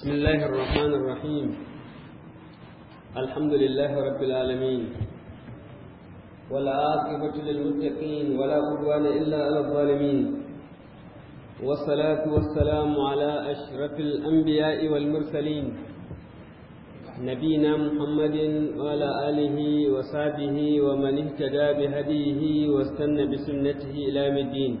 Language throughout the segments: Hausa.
بسم الله الرحمن الرحيم الحمد لله رب العالمين ولا عاقبة للمتقين ولا عدوان إلا على الظالمين والصلاة والسلام على أشرف الأنبياء والمرسلين نبينا محمد وعلى آله وصحبه ومن اهتدى بهديه واستنى بسنته إلى الدين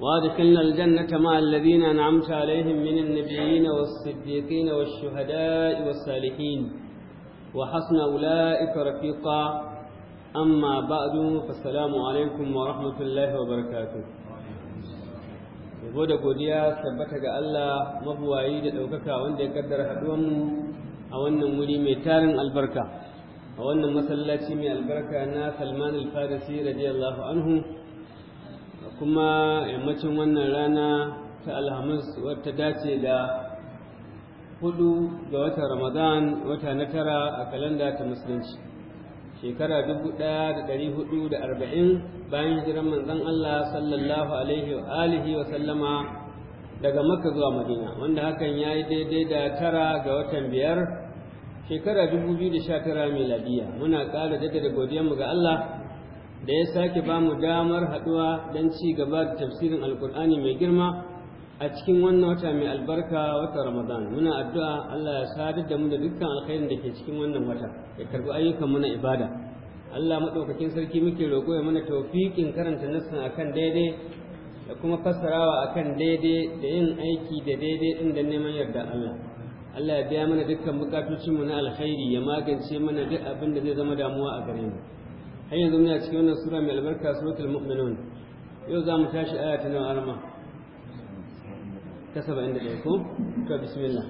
وادخلنا الجنة مع الذين أنعمت عليهم من النبيين والصديقين والشهداء والصالحين وحسن أولئك رفيقا أما بعد فالسلام عليكم ورحمة الله وبركاته da godiya tabbata ga Allah mabuwayi da ɗaukaka wanda ya kaddara haɗuwanmu a wannan wuri mai tarin albarka a wannan masallaci mai albarka na Salman al-Farisi radiyallahu anhu kuma yammacin wannan rana ta alhamis wata dace da hudu ga watan ramadan wata na tara a kalanda ta musulunci shekara dubu ɗaya da dari hudu da arba'in bayan hijiran manzon Allah sallallahu alaihi wa alihi wa sallama daga makka zuwa madina wanda hakan ya yi daidai da tara ga watan biyar shekara dubu biyu da sha tara miladiya muna ƙara jaddada godiyanmu ga Allah da ya sake ba mu damar haɗuwa don ci gaba da tafsirin alkur'ani mai girma a cikin wannan wata mai albarka wata ramadan muna addu'a allah ya sadar da mu da dukkan alkhairin da ke cikin wannan wata ya karɓi ayyukan mu na ibada allah maɗaukakin sarki muke roƙo ya mana taufiƙin karanta a akan daidai da kuma fassarawa akan daidai da yin aiki da daidai ɗin da neman yarda allah allah ya biya mana dukkan bukatocinmu na alkhairi ya magance mana duk abin da zai zama damuwa a gare mu حين ذمنا تكون السورة من البركة سورة المؤمنون يوزا متاش آياتنا وعرما كسب عند إليكم طيب، بسم الله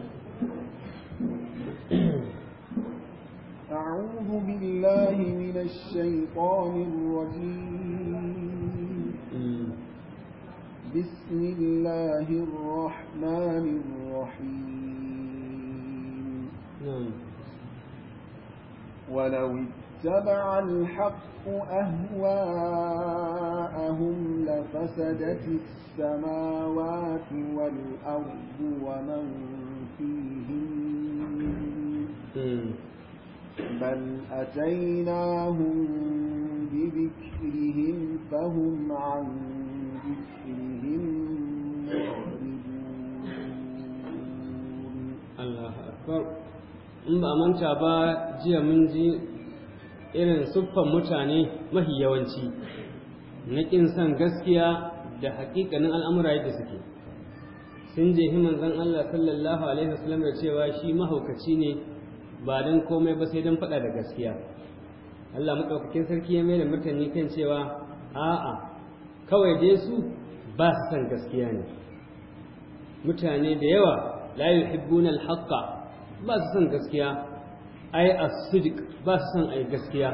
أعوذ بالله من الشيطان الرجيم بسم الله الرحمن الرحيم نعم. ولو اتبع الحق أهواءهم لفسدت السماوات والأرض ومن فيهن بل أتيناهم بذكرهم فهم عن ذكرهم معرضون الله أكبر in ba manta ba jiya mun ji irin siffan mutane mahi yawanci na ƙin son gaskiya da haƙiƙanin al'amura yadda suke sun jehi zan Allah sallallahu alaihi wasallam da cewa shi mahaukaci ne ba don komai ba sai don faɗa da gaskiya Allah maɗaukakin sarki ya mai da mutane kan cewa a'a kawai dai su ba su san gaskiya ne mutane da yawa la yuhibbuna al ba su san gaskiya ai as-sidq ba su san ai gaskiya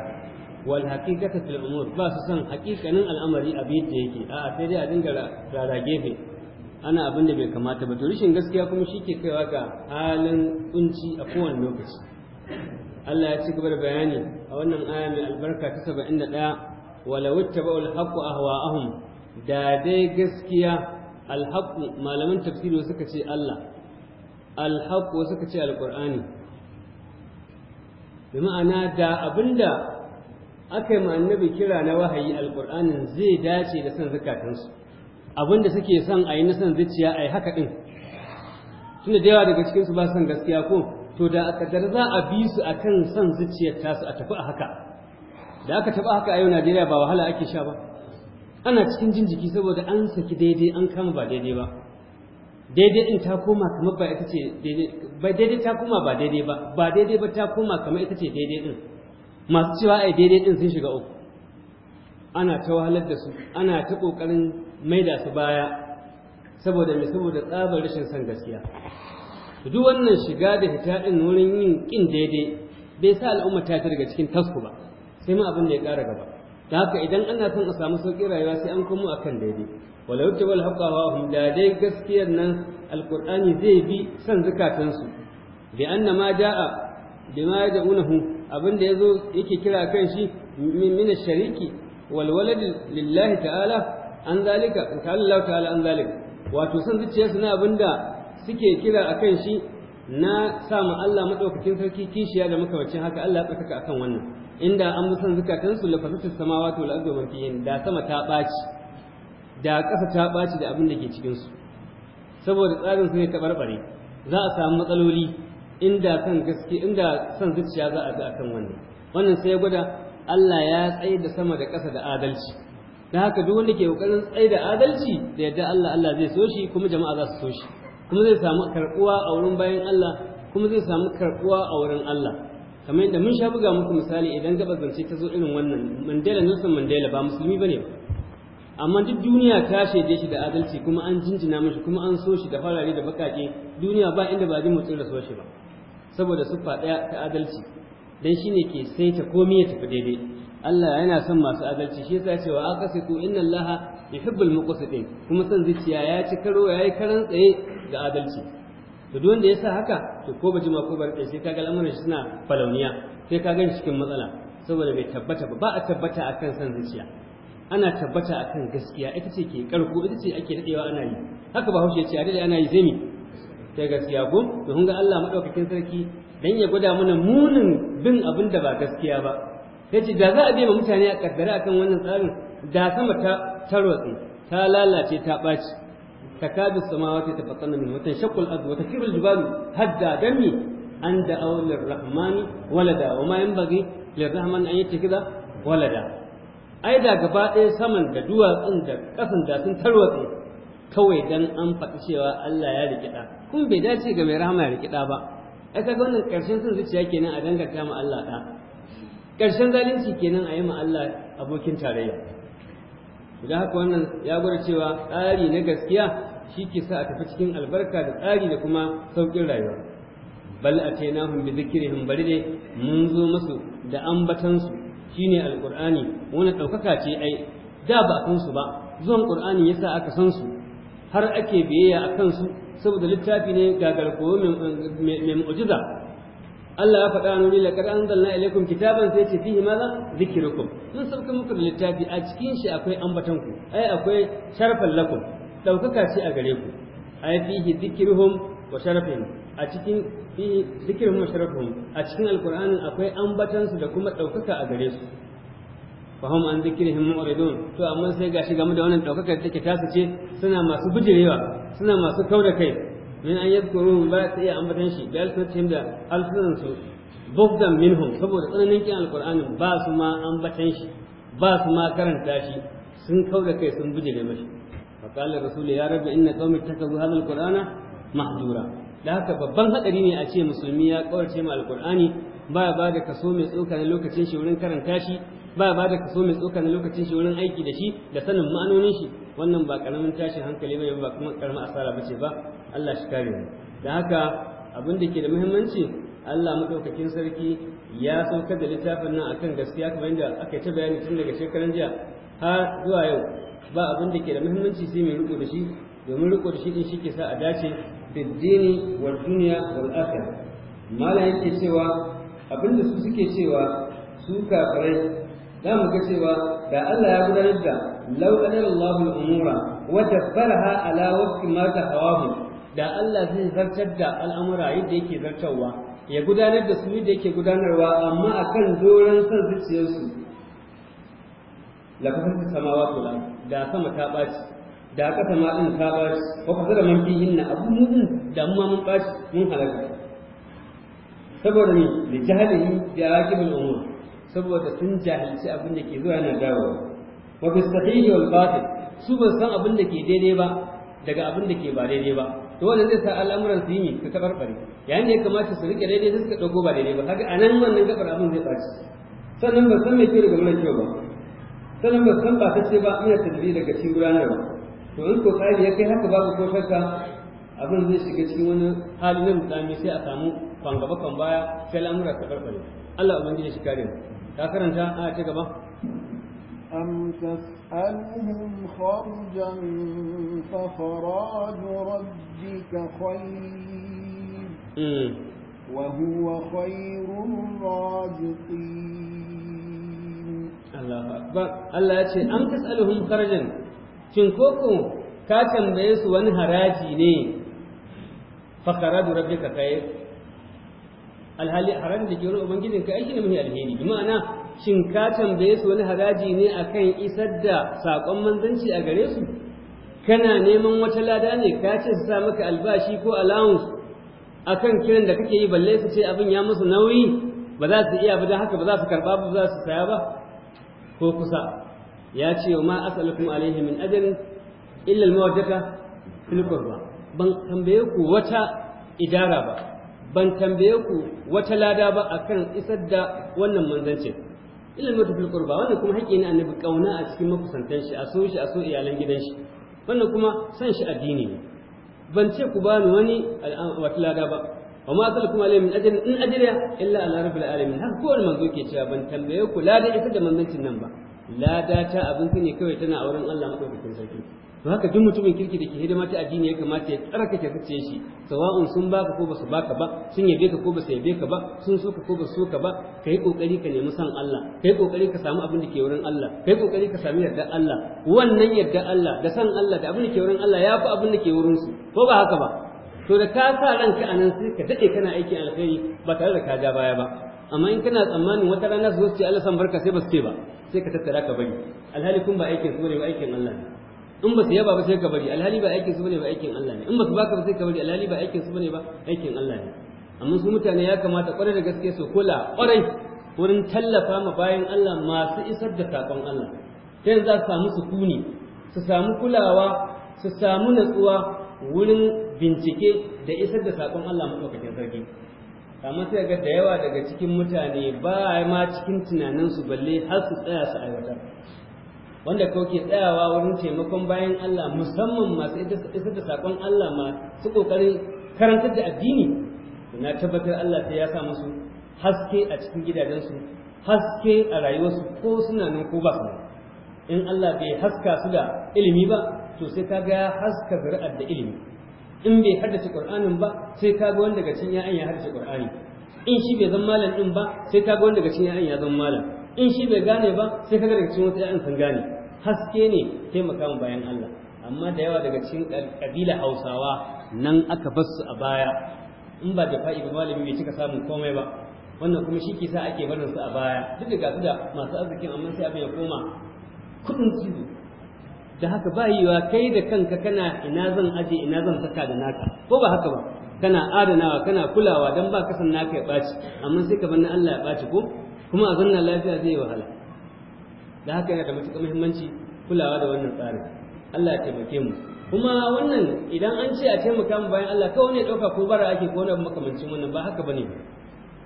wal haqiqata fil umur ba su san haqiqanin al'amari abin da yake a'a sai dai a dinga rara gefe ana abin da bai kamata ba to rishin gaskiya kuma shi ke kaiwa ga halin kunci a kowane lokaci Allah ya ci gaba da bayani a wannan aya mai albarka ta 71 wattaba al haqq ahwa'ahum da dai gaskiya haqq malaman tafsiri suka ce Allah haqq suka ce qur'ani bi ma'ana da abinda aka yi annabi kira na wahayi alƙur'anin zai dace da son zukatansu abinda suke son a yi na son zuciya a yi haka ɗin tunda da yawa daga cikinsu ba son gaskiya ko to da a kadar za a bi su a kan son zuciyar tasu a tafi a haka da aka tafi haka a yau najeriya ba wahala ake sha ba ana cikin jin jiki saboda an saki daidai an kama ba daidai ba daidai in ta koma kamar ba ita ce daidai ba daidai ta koma ba daidai ba ba daidai ba ta koma kamar ita ce daidai din masu cewa ai daidai din sun shiga uku ana ta wahalar da su ana ta kokarin maida su baya saboda me saboda tsabar rashin san gaskiya duk wannan shiga da hita din wurin yin kin daidai bai sa al'umma ta daga cikin tasku ba sai ma abin da ya kara gaba da haka idan ana son a samu sauƙin rayuwa sai an komo akan daidai wala yuktaba al-haqqa wa da dai gaskiyar nan alqur'ani zai bi san zakatansu bi anna ma jaa bima yad'unahu abinda yazo yake kira kan shi min shariki wal walad lillahi ta'ala an zalika ta'ala ta'ala an zalika wato san zuciyarsu na abinda suke kira akan shi na sa mu Allah madaukakin sarki kishiya da makamacin haka Allah ya tsakaka akan wannan inda an musan zukatansu lafazatus samawati wal ardi wa da sama ta baci da ƙasa ta ɓaci da abin da ke cikinsu saboda tsarin su ta taɓarɓare, za a samu matsaloli inda kan gaske inda son zuciya za a bi akan wannan wannan sai ya gwada Allah ya tsaye da sama da ƙasa da adalci da haka duk wanda ke kokarin tsaye da adalci da yadda Allah Allah zai so shi kuma jama'a za su so shi kuma zai samu karɓuwa a wurin bayan Allah kuma zai samu karɓuwa a wurin Allah kamar yadda mun sha buga muku misali idan gaba zance ta zo irin wannan Mandela Nelson Mandela ba musulmi bane ba amma duk duniya ta shaide shi da adalci kuma an jinjina mashi kuma an so shi da farare da bakake duniya ba inda ba ji mutsin rasuwar shi ba saboda siffa ɗaya ta adalci dan shine ke sai ta komai ya tafi daidai Allah yana son masu adalci shi yasa cewa ku inna Allaha yuhibbul muqsitin kuma san zuciya ya ci karo yi karan tsaye ga adalci to duk wanda yasa haka to ko baji ma ko bar sai ka ga al'amuran shi suna falauniya sai ka gan cikin matsala saboda bai tabbata ba ba a tabbata akan san zuciya ana tabbata akan gaskiya ita ce ke karko ita ce ake dadewa ana yi haka ba haushe ce a dade ana yi zai mi ta gaskiya ko to kun ga Allah madaukakin sarki dan ya gwada mana munin bin abin da ba gaskiya ba sai ce da za a ma mutane a kaddara akan wannan tsarin da sama ta tarwatsi ta lalace ta ɓaci takadu samawati tafattanna min watan shaqqal ard wa takirul jibalu hadda dami an da'aw lirrahmani walada wa ma yanbaghi lirrahmani an yattakhidha walada ai da gaba ɗaya saman da duwatsun da ƙasan da sun tarwatse kawai dan an faɗi cewa Allah ya rikida kuma bai dace ga mai rahama ya rikida ba ai kaga wannan ƙarshen sun zuciya kenan a danganta ma Allah ɗa ƙarshen zalunci kenan a yi ma Allah abokin tarayya idan haka wannan ya gwada cewa tsari na gaskiya shi ke sa a tafi cikin albarka da tsari da kuma sauƙin rayuwa bal atainahum bi dhikrihim bari dai mun zo musu da ambatansu ne Alƙur'ani wani ɗaukaka ce ai da ba a kansu ba zuwan ƙur'ani ya sa aka san su har ake biyayya a kansu saboda littafi ne gagar koyo mai mu'jiza Allah ya faɗa nuni laqad anzalna ilaykum kitaban sai ce fi maza zikrukum mun sauka muku da littafi a cikin shi akwai ambatan ku ai akwai sharfan lakum ɗaukaka ce a gare ku ai fihi zikruhum wa sharfin. a cikin zikirin masharafin a cikin alkur'anin akwai su da kuma ɗaukaka a gare su fahim an zikirihim mu'ridun to amma sai ga shi game da wannan ɗaukakar take tasu ce suna masu bijirewa suna masu kauda kai min an yadkuru ba ta iya ambatan shi bi alfatihim da alfunan su bugdan minhum saboda tsananin kin alkur'anin ba su ma ambatan shi ba su ma karanta shi sun kauda kai sun bijire mashi فقال الرسول يا رب إن قومي اتخذوا هذا القرآن محجورا da haka babban hadari ne a ce musulmi ya kawarce ma alkur'ani ba ba da kaso mai tsoka na lokacin shi wurin karanta shi ba ba da kaso mai tsoka na lokacin shi wurin aiki da shi da sanin ma'anonin shi wannan ba karamin tashin hankali bane ba kuma karamin asara bace ba Allah shi kare mu da haka abin da ke da muhimmanci Allah madaukakin sarki ya saukar da littafin nan akan gaskiya kamar yadda aka ta bayani tun daga shekaran jiya har zuwa yau ba abin da ke da muhimmanci sai mai riko da shi domin riko da shi din shi ke sa a dace fi dini duniya, wa wal akhirah mala yake cewa abinda su suke cewa su kafirai za mu ga cewa da Allah ya gudanar da law Allahu al-umura wa dabbaraha ala wafqi ma da Allah zai zartar da al'amura yadda yake zartarwa ya gudanar da su yadda yake gudanarwa amma kan doron san zuciyarsu lafafin samawa kula da sama ta ɓaci da aka sama din ta ba shi ko ka zama fi na abu mu da mu ma mun ba shi mun halaka saboda ni da jahilihi da akibul umur saboda sun jahilci abin da ke zuwa yana dawo wa bi sahih wal batil su ba san abin da ke daidai ba daga abin da ke ba daidai ba to wanda zai sa al'amuran su yi su tabarbare yayin da ya kamata su rike daidai suka dauko ba daidai ba kaga anan wannan gabar abin zai shi sannan ba san me kyau daga mara kyau ba sannan ba san ba ta ce ba ina daidai daga cikin gudanarwa to in ko tsari ya kai haka babu ko shakka abin zai shiga cikin wani hali na rudani sai a samu kwangaba kan baya sai al'amura ta farfare Allah ubangiji shi kare mu ka karanta a ta gaba أم تسألهم خرجا فخراج ربك خير وهو خير الرازقين الله أكبر الله يقول أم تسألهم shin koko ka tambaye su wani haraji ne fakaradu rabbika kai alhali haram da jirin ubangijin ka aiki ne mai alheri bi ma'ana shin ka tambaye su wani haraji ne akan isar da sakon manzanci a gare su kana neman wata lada ne ka ce su sa maka albashi ko allowance akan kiran da kake yi balle su ce abin ya musu nauyi ba za su iya ba haka ba za su karba ba za su saya ba ko kusa ya ce wa ma asalukum alaihi min ajrin illa al-mawaddata fil qurba ban tambaye ku wata idara ba ban tambaye ku wata lada ba akan isar da wannan manzancin illa al fil qurba wannan kuma haƙƙi ne annabi kauna a cikin makusantan shi a so shi a so iyalan gidan shi wannan kuma san shi addini ne ban ce ku bani wani wata lada ba wa ma asalukum alaihi min ajrin in ajriya illa ala rabbil alamin haka kowane manzo ke cewa ban tambaye ku lada isar da manzancin nan ba lada ta abin ne kawai tana auren Allah madaukakin sarki to haka duk mutumin kirki da ke hidima ta addini ya kamata ya tsarkake kace shi sawa'un sun baka ko basu baka ba sun yabe ka ko basu yabe ka ba sun so ka ko basu so ka ba kai kokari ka nemi san Allah kai kokari ka samu abin da ke wurin Allah kai kokari ka sami yarda Allah wannan yarda Allah da san Allah da abin da ke wurin Allah ya fi abin da ke wurin su ko ba haka ba to da ka sa ranka a nan sai ka dade kana aiki alkhairi ba tare da ka ja baya ba amma in kana tsammanin wata rana su ce Allah san barka sai ba su ce ba sai ka tattara ka bari alhali kun ba aikin su ne ba aikin Allah ne in ba su yaba ba sai ka bari alhali ba aikin su ne ba aikin Allah ne in ba su baka ba sai ka bari alhali ba aikin su ne ba aikin Allah ne amma su mutane ya kamata kwarai da gaske su kula kwarai wurin tallafa ma bayan Allah masu isar da sakon Allah ta yanzu za su samu sukuni su samu kulawa su samu natsuwa wurin bincike da isar da sakon Allah maɗaukakin sarki kamar sai ga da yawa daga cikin mutane ba ma cikin tunaninsu balle har su tsaya su aiwatar wanda ko ke tsayawa wurin taimakon bayan Allah musamman masu isar da sakon Allah ma su kokarin karantar da addini na tabbatar Allah sai ya sa musu haske a cikin gidajensu haske a rayuwarsu ko suna nan ko ba in Allah bai haska su da ilimi ba to sai ka ga haska zuri'ar da ilimi in bai haddace qur'anin ba sai ka ga wanda daga cin ya'an ya haddace qur'ani in shi bai zan malam din ba sai ka ga daga cin ya'an ya zan malam in shi bai gane ba sai ka ga daga cikin wasu ya'an sun gane haske ne taimaka mu bayan Allah amma da yawa daga cikin kabila Hausawa nan aka basu a baya in ba da fa'i ba malami bai cika samun komai ba wannan kuma shi ke sa ake barin su a baya duk da gasu da masu arzikin amma sai abin ya koma kudin cizo da haka ba yiwa kai da kanka kana ina zan aje ina zan saka da naka ko ba haka ba kana adanawa kana kulawa dan ba kasan naka ya baci amma sai ka bar na Allah ya baci ko kuma a zanna lafiya zai wahala da haka yana da matuƙar muhimmanci kulawa da wannan tsarin Allah ya taimake mu kuma wannan idan an ce a taimaka mu bayan Allah kawai ne ɗauka ko bara ake ko wani makamancin wannan ba haka bane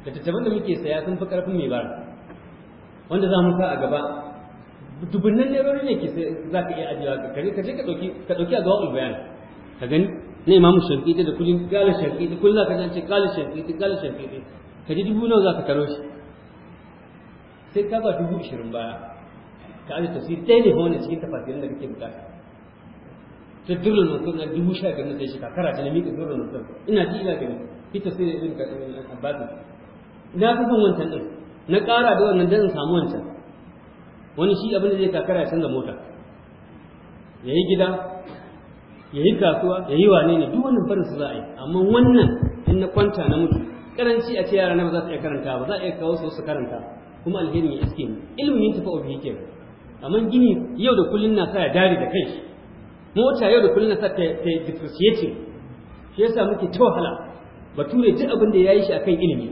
da tattaban da muke saya sun fi ƙarfin mai bara wanda za mu sa a gaba dubunnan nerori ne ke sai za ka iya ajiyewa ka kare ka je ka ɗauki a bayan ka gani na imamu shafi'i da kullum kala shafi'i kullum ka ce kala shafi'i kala shafi'i ka ji dubu nawa za ka karo shi sai ka ba dubu ishirin baya ka aje tafsir ɗaya ne wanda cikin tafasirin da kake bukata ta na mansur na dubu sha biyar na sai shi ta na miƙa durrul mansur ina ji ina gani irin tafsirin ibn abbasin na fi son wancan ɗin na ƙara da wannan dan samu wancan wani shi abin da zai kakara ya canza mota ya yi gida ya yi kasuwa ya yi wane ne duk wannan farin su za yi amma wannan in na kwanta na mutu karanci a ce yara na ba za su iya karanta ba za a iya kawo su su karanta kuma alherin ya iske mu ilimin tafi obi yake amma gini yau da kullun na sa ya dare da kai mota yau da kullun na sa ta depreciating shi yasa muke ta wahala bature duk abin da ya yi shi akan ilimi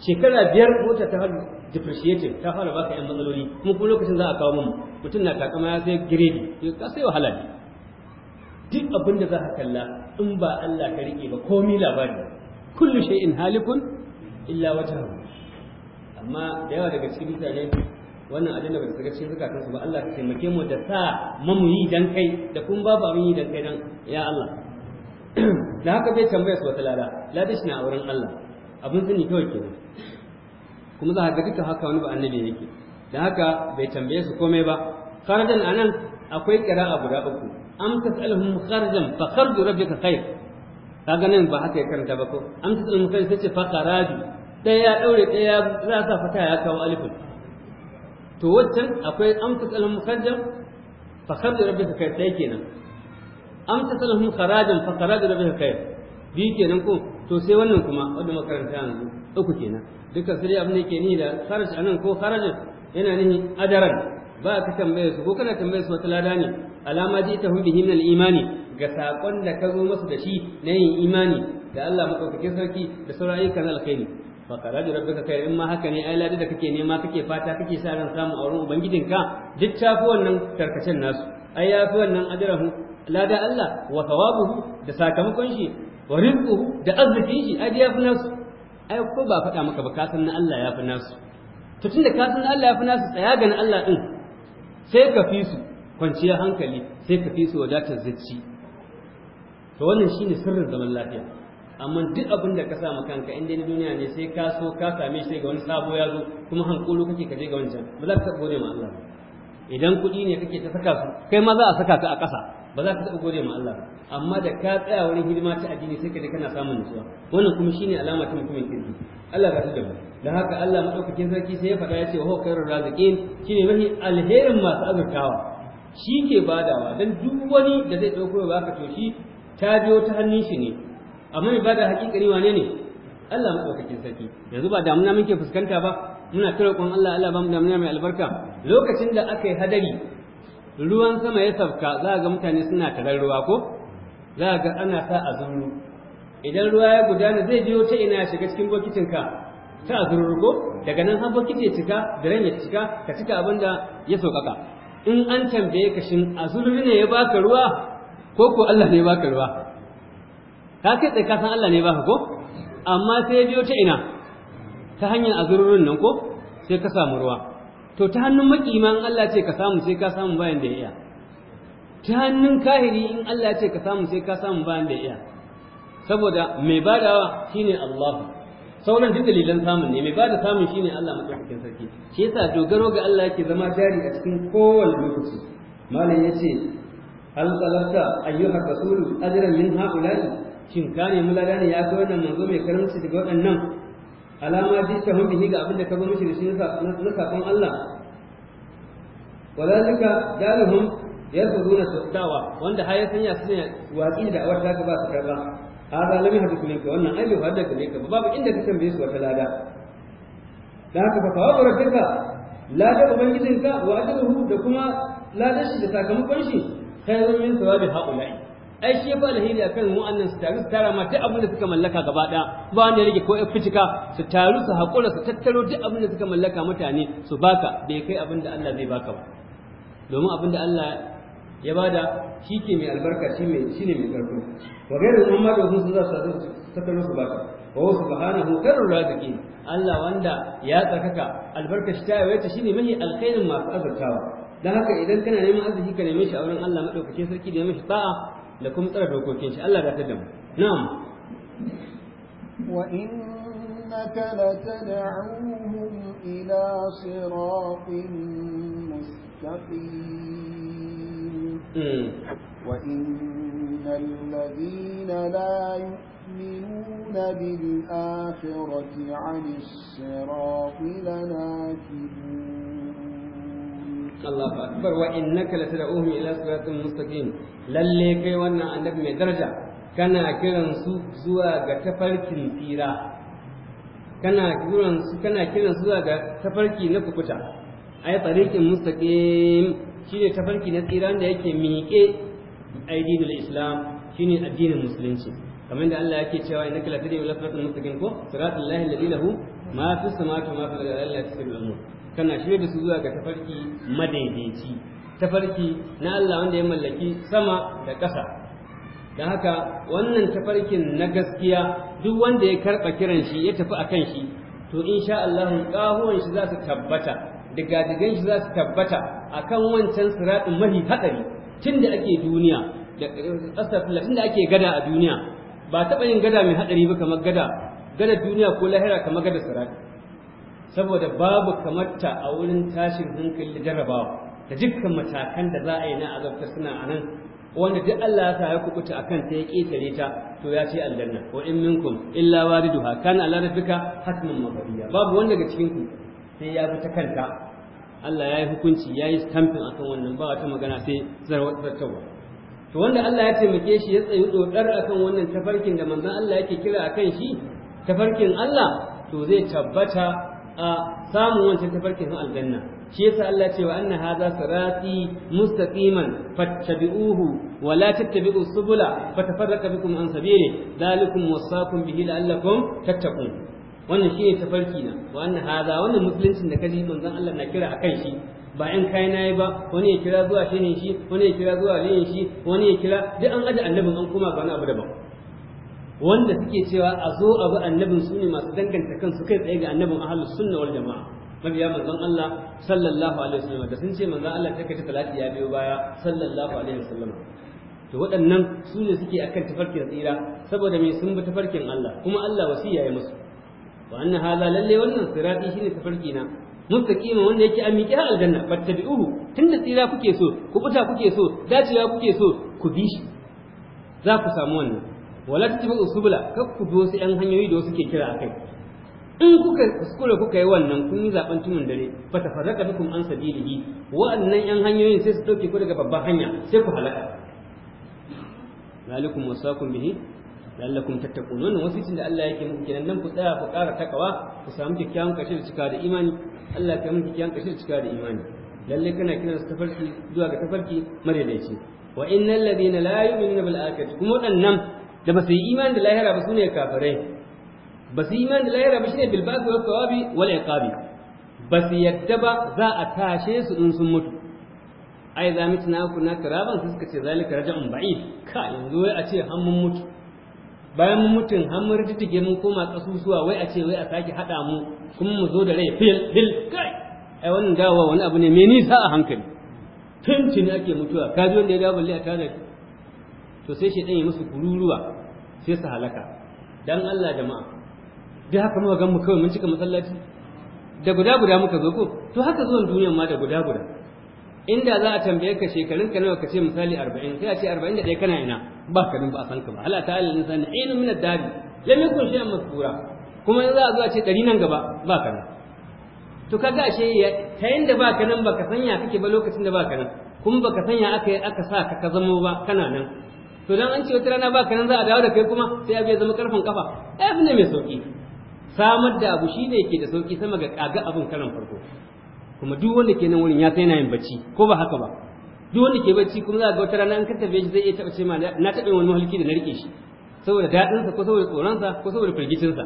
shekara biyar mota ta hannu depreciating ta fara baka yan matsaloli kuma ko lokacin za a kawo mun mutum na takama ya sai giredi to ka sai wahala ne duk abin da za ka kalla in ba Allah ka rike ba komai labari kullu shay'in halikun illa wajhahu amma da yawa daga cikin mutane wannan ajanda ba ta ga cikin zakatansu ba Allah ka taimake mu da sa yi dan kai da kun babu abin yi dan kai dan ya Allah da haka bai tambaya su wata lada lada shi na auren Allah abin sani kawai kenan kuma za ka ga duka haka wani ba annabi yake da haka bai tambaye su komai ba kharajan anan akwai qira'a guda uku am tasaluhum kharajan fa kharju rabbika khair kaga nan ba haka ya karanta ba ko am tasaluhum khair sai ce fa kharaju daya ya daure daya za sa fata ya kawo alifin to wancan akwai am tasaluhum kharajan fa kharju rabbika khair dai kenan am tasaluhum kharajan fa kharaju rabbika khair bi kenan ko to sai wannan kuma wanda makaranta yanzu uku kenan Duka su abin da ke ni da kharaj anan ko kharaj yana nihi adaran ba ka tambaye su ko kana tambaye su wata lada ne alama ji ta hudu bihi imani ga saƙon da ka zo masu da shi na yin imani da Allah madaukakin sarki da sauran ayyukan alkhairi fa qaraji rabbika kai in ma haka ne ai Ladi da kake nema kake fata kake sa ran samu auren ka duk tafi wannan tarkacen nasu ai fi wannan ajrahu lada Allah wa thawabuhu da sakamakon shi wa rizquhu da arzikin shi ai yafi nasu ai ko ba faɗa maka ba ka san na Allah ya fi nasu to tunda ka san na Allah ya fi nasu tsaya ga Allah din sai ka fi su kwanciyar hankali sai ka fi su wadatar zacci to wannan shine sirrin zaman lafiya amma duk abin da ka sa kanka in dai duniya ne sai ka so ka same shi ga wani sabo ya zo kuma hankulu kake ka je ga wancan ba za ka gode ma Allah idan kuɗi ne kake ta saka su kai ma za a saka ka a ƙasa ba za ka taɓa gode ma Allah amma da ka tsaya wurin hidima ta addini sai ka ji kana samun nutsuwa wannan kuma shine alama ta mutumin kirki Allah ya da mu dan haka Allah madaukakin sarki sai ya faɗa ya ce wa khairur raziqin shine mafi alherin masu azurtawa shi ke badawa dan duk wani da zai dauko ba ka to shi ta biyo ta hannun shi ne amma mai bada hakikari wane ne Allah madaukakin sarki yanzu ba damuna muke fuskanta ba muna kira kun Allah Allah ba mu damuna mai albarka lokacin da aka yi hadari ruwan sama ya sauka za ga mutane suna tarar ruwa ko za ga ana sa a azuru idan ruwa ya gudana zai biyo ta ina ya shiga cikin bokitinka ta azuru ko daga nan har bokiti ya cika daren ya cika ka cika abin da ya sauƙaƙa in an tambaye ka shin azuru ne ya baka ruwa ko ko Allah ne ya baka ruwa ka kai tsaye ka san Allah ne ya baka ko amma sai ya biyo ta ina ta hanyar azururin nan ko sai ka samu ruwa to ta hannun makiman Allah ce ka samu sai ka samu bayan da iya ta hannun kahiri in Allah ce ka samu sai ka samu bayan da iya saboda mai badawa shine Allah sauran duk dalilan samun ne mai bada samun shine Allah madaukakin sarki shi yasa dogaro ga Allah yake zama jari a cikin kowane lokaci malam yace hal talabta ayyuha rasulu ajran min yin shin ka nemi lada ne ya ga wannan manzo mai karamci daga waɗannan alama ji ta hun bihi ga abin da ka zo mishi da shi na sakon Allah wadalika dalihum yarfuduna dawa wanda har ya sanya su ne watsi da awar zaka ba su karba hada lam yahdith minka wannan ai bai faru da gare ka babu inda ka tambaye su wata lada da haka fa tawaddu rabbika lada ubangijinka wa ajruhu da kuma ladar shi da sakamakon shi khairun min thawabi haula'i ai shi ba alheri akan wa'annan su taru su tara ma duk abin da suka mallaka gaba ɗaya ba wanda ya rage ko fitika su taru su haƙura su tattaro duk abin da suka mallaka mutane su baka bai kai abin da Allah zai baka ba domin abin da Allah ya bada shi ke mai albarka shi mai shi ne mai karfi wa gairu umma da sun za su tattaro su baka wa huwa subhanahu khairur razaki Allah wanda ya tsakaka albarka shi ta shi shine mahi alkhairin masu azurtawa don haka idan kana neman arziki ka neman shi a wurin Allah madaukake sarki da ya mashi sa'a da kuma tsara dokokin shi Allah ya tada mu na'am wa innaka latad'uhum ila siratin mustaqim wa innal ladina la يؤمنون بالآخرة عن الصراط لناكبون Allahu akbar wa innaka latad'uhum ila siratin mustaqim lalle kai wannan annabi mai daraja kana kiran su zuwa ga tafarkin tsira kana kiran su kana kiran su zuwa ga tafarki na kukuta ai tariqin mustaqim shine tafarki na tsira da yake miƙe aidinul islam shine addinin musulunci kamar da Allah yake cewa innaka latad'u ila siratin mustaqim ko siratal lahi alladhi lahu ma fis samawati wa ma fil ardi la yasbiqul kana shirya da su zuwa ga tafarki madaidaici tafarki na Allah wanda ya mallaki sama da ƙasa da haka wannan tafarkin na gaskiya duk wanda ya karɓa kiran shi ya tafi a kan shi to insha Allah ƙahuwan shi za su tabbata digadigan shi za su tabbata kan wancan siratin mahi haɗari tun da ake duniya da ƙasa tun da ake gada a duniya ba taɓa yin gada mai haɗari ba kamar gada gada duniya ko lahira kamar gada sirati saboda babu kamarta a wurin tashin hankali jarrabawa da dukkan matakan da za a yi na azabta suna a nan wanda duk Allah ya sa ya kubuta akan ta ya ƙetare ta to ya ce aljanna ko in minkum illa wariduha Allah ala rabbika hatman maqdiya babu wanda daga cikin ku sai ya bi ta kanta Allah ya yi hukunci ya yi stamping akan wannan ba wata magana sai zarwatarwa to wanda Allah ya taimake shi ya tsayi dodar akan wannan tafarkin da manzon Allah yake kira akan shi tafarkin Allah to zai tabbata a samun wancan tafarkin aljanna shi yasa Allah ce wa anna hadha sirati mustaqiman fattabi'uhu wa la tattabi'u subula fatafarraqu bikum an sabili dalikum wasaqu bihi la'allakum tattaqun wannan ne tafarki na wa anna hadha wannan musuluncin da kaji manzon Allah na kira akan shi ba in kai nayi ba wani ya kira zuwa shi ne shi wani ya kira zuwa ne shi wani ya kira duk an aje annabin an kuma ba na abu daban wanda suke cewa a zo a bi annabin su ne masu danganta kansu kai tsaye ga annabin ahalus, sunna wal jama'a mabiya manzon Allah sallallahu alaihi wasallam da sun ce manzon Allah take ta talati ya biyo baya sallallahu alaihi wasallam to waɗannan su ne suke akan tafarkin tsira saboda mai sun bi tafarkin Allah kuma Allah wasiya ya musu wa anna hala lalle wannan sirati shine tafarki na mustaqima wanda yake an miƙe aljanna fattabi'uhu tunda tsira kuke so ku buta kuke so dacewa kuke so ku bi shi za ku samu wannan wala tattabi'u subula kar ku bi wasu yan hanyoyi da wasu ke kira akai in kuka kuskure kuka yi wannan kun yi zaben tunan dare fa tafarraka bikum an sabilihi wa'annan yan hanyoyin sai su dauke ku daga babban hanya sai ku halaka malikum wasakum bihi lallakum tattaqun wannan wasu cin da Allah yake muku kenan nan ku tsaya ku ƙara takawa ku samu kyakkyawan kashi da cika da imani Allah ya muku kikkiawan kashi da cika da imani lalle kana kiran su tafarki zuwa ga tafarki madaidaici wa innal ladina la yu'minuna bil akhirati kuma wadannan da ba su yi imani da lahira ba su ne kafirai ba su yi imani da lahira ba shine bil ba'th wa thawabi wal iqabi ba su yadda ba za a tashe su in sun mutu ai za mu tuna ku na karaban su suka ce zalika raja'un ba'id ka yanzu wai a ce har mun mutu bayan mun mutu har mun riddige mun koma kasusuwa wai a ce wai a sake hada mu kuma mu zo da rai fil fil kai ai wannan dawowa wani abu ne me nisa a hankali tuntuni ake mutuwa ka ji wanda ya dawo balle a tare to sai shaidan ya musu kururuwa sai su halaka dan Allah jama'a bi haka muka gan mu kawai mun cika masallaci da guda guda muka zo ko to haka zuwan duniyar ma da guda guda inda za a tambaye ka shekarun ka nawa ka ce misali 40 sai a ce 41 kana ina ba ka ba a san ka ba Allah ta'ala ne sanin na min ad-dabi lam yakun shay'an masura kuma za a zo a ce 100 nan gaba ba ka nan to kaga ashe ta yanda ba ka nan ba ka sanya kake ba lokacin da ba ka nan kuma ba ka sanya aka aka sa ka zama zamo ba kana nan to dan an ce wata rana baka nan za a dawo da kai kuma sai abu ya zama karfin kafa ai abu ne mai sauki samar da abu shine yake da sauki sama ga kaga abun karan farko kuma duk wanda ke nan wurin ya sai yin bacci ko ba haka ba duk wanda ke bacci kuma za ga wata rana an kanta bai shi zai iya taba ce ma na taba wani mahalki da na rike shi saboda daɗinsa ko saboda tsoronsa ko saboda sa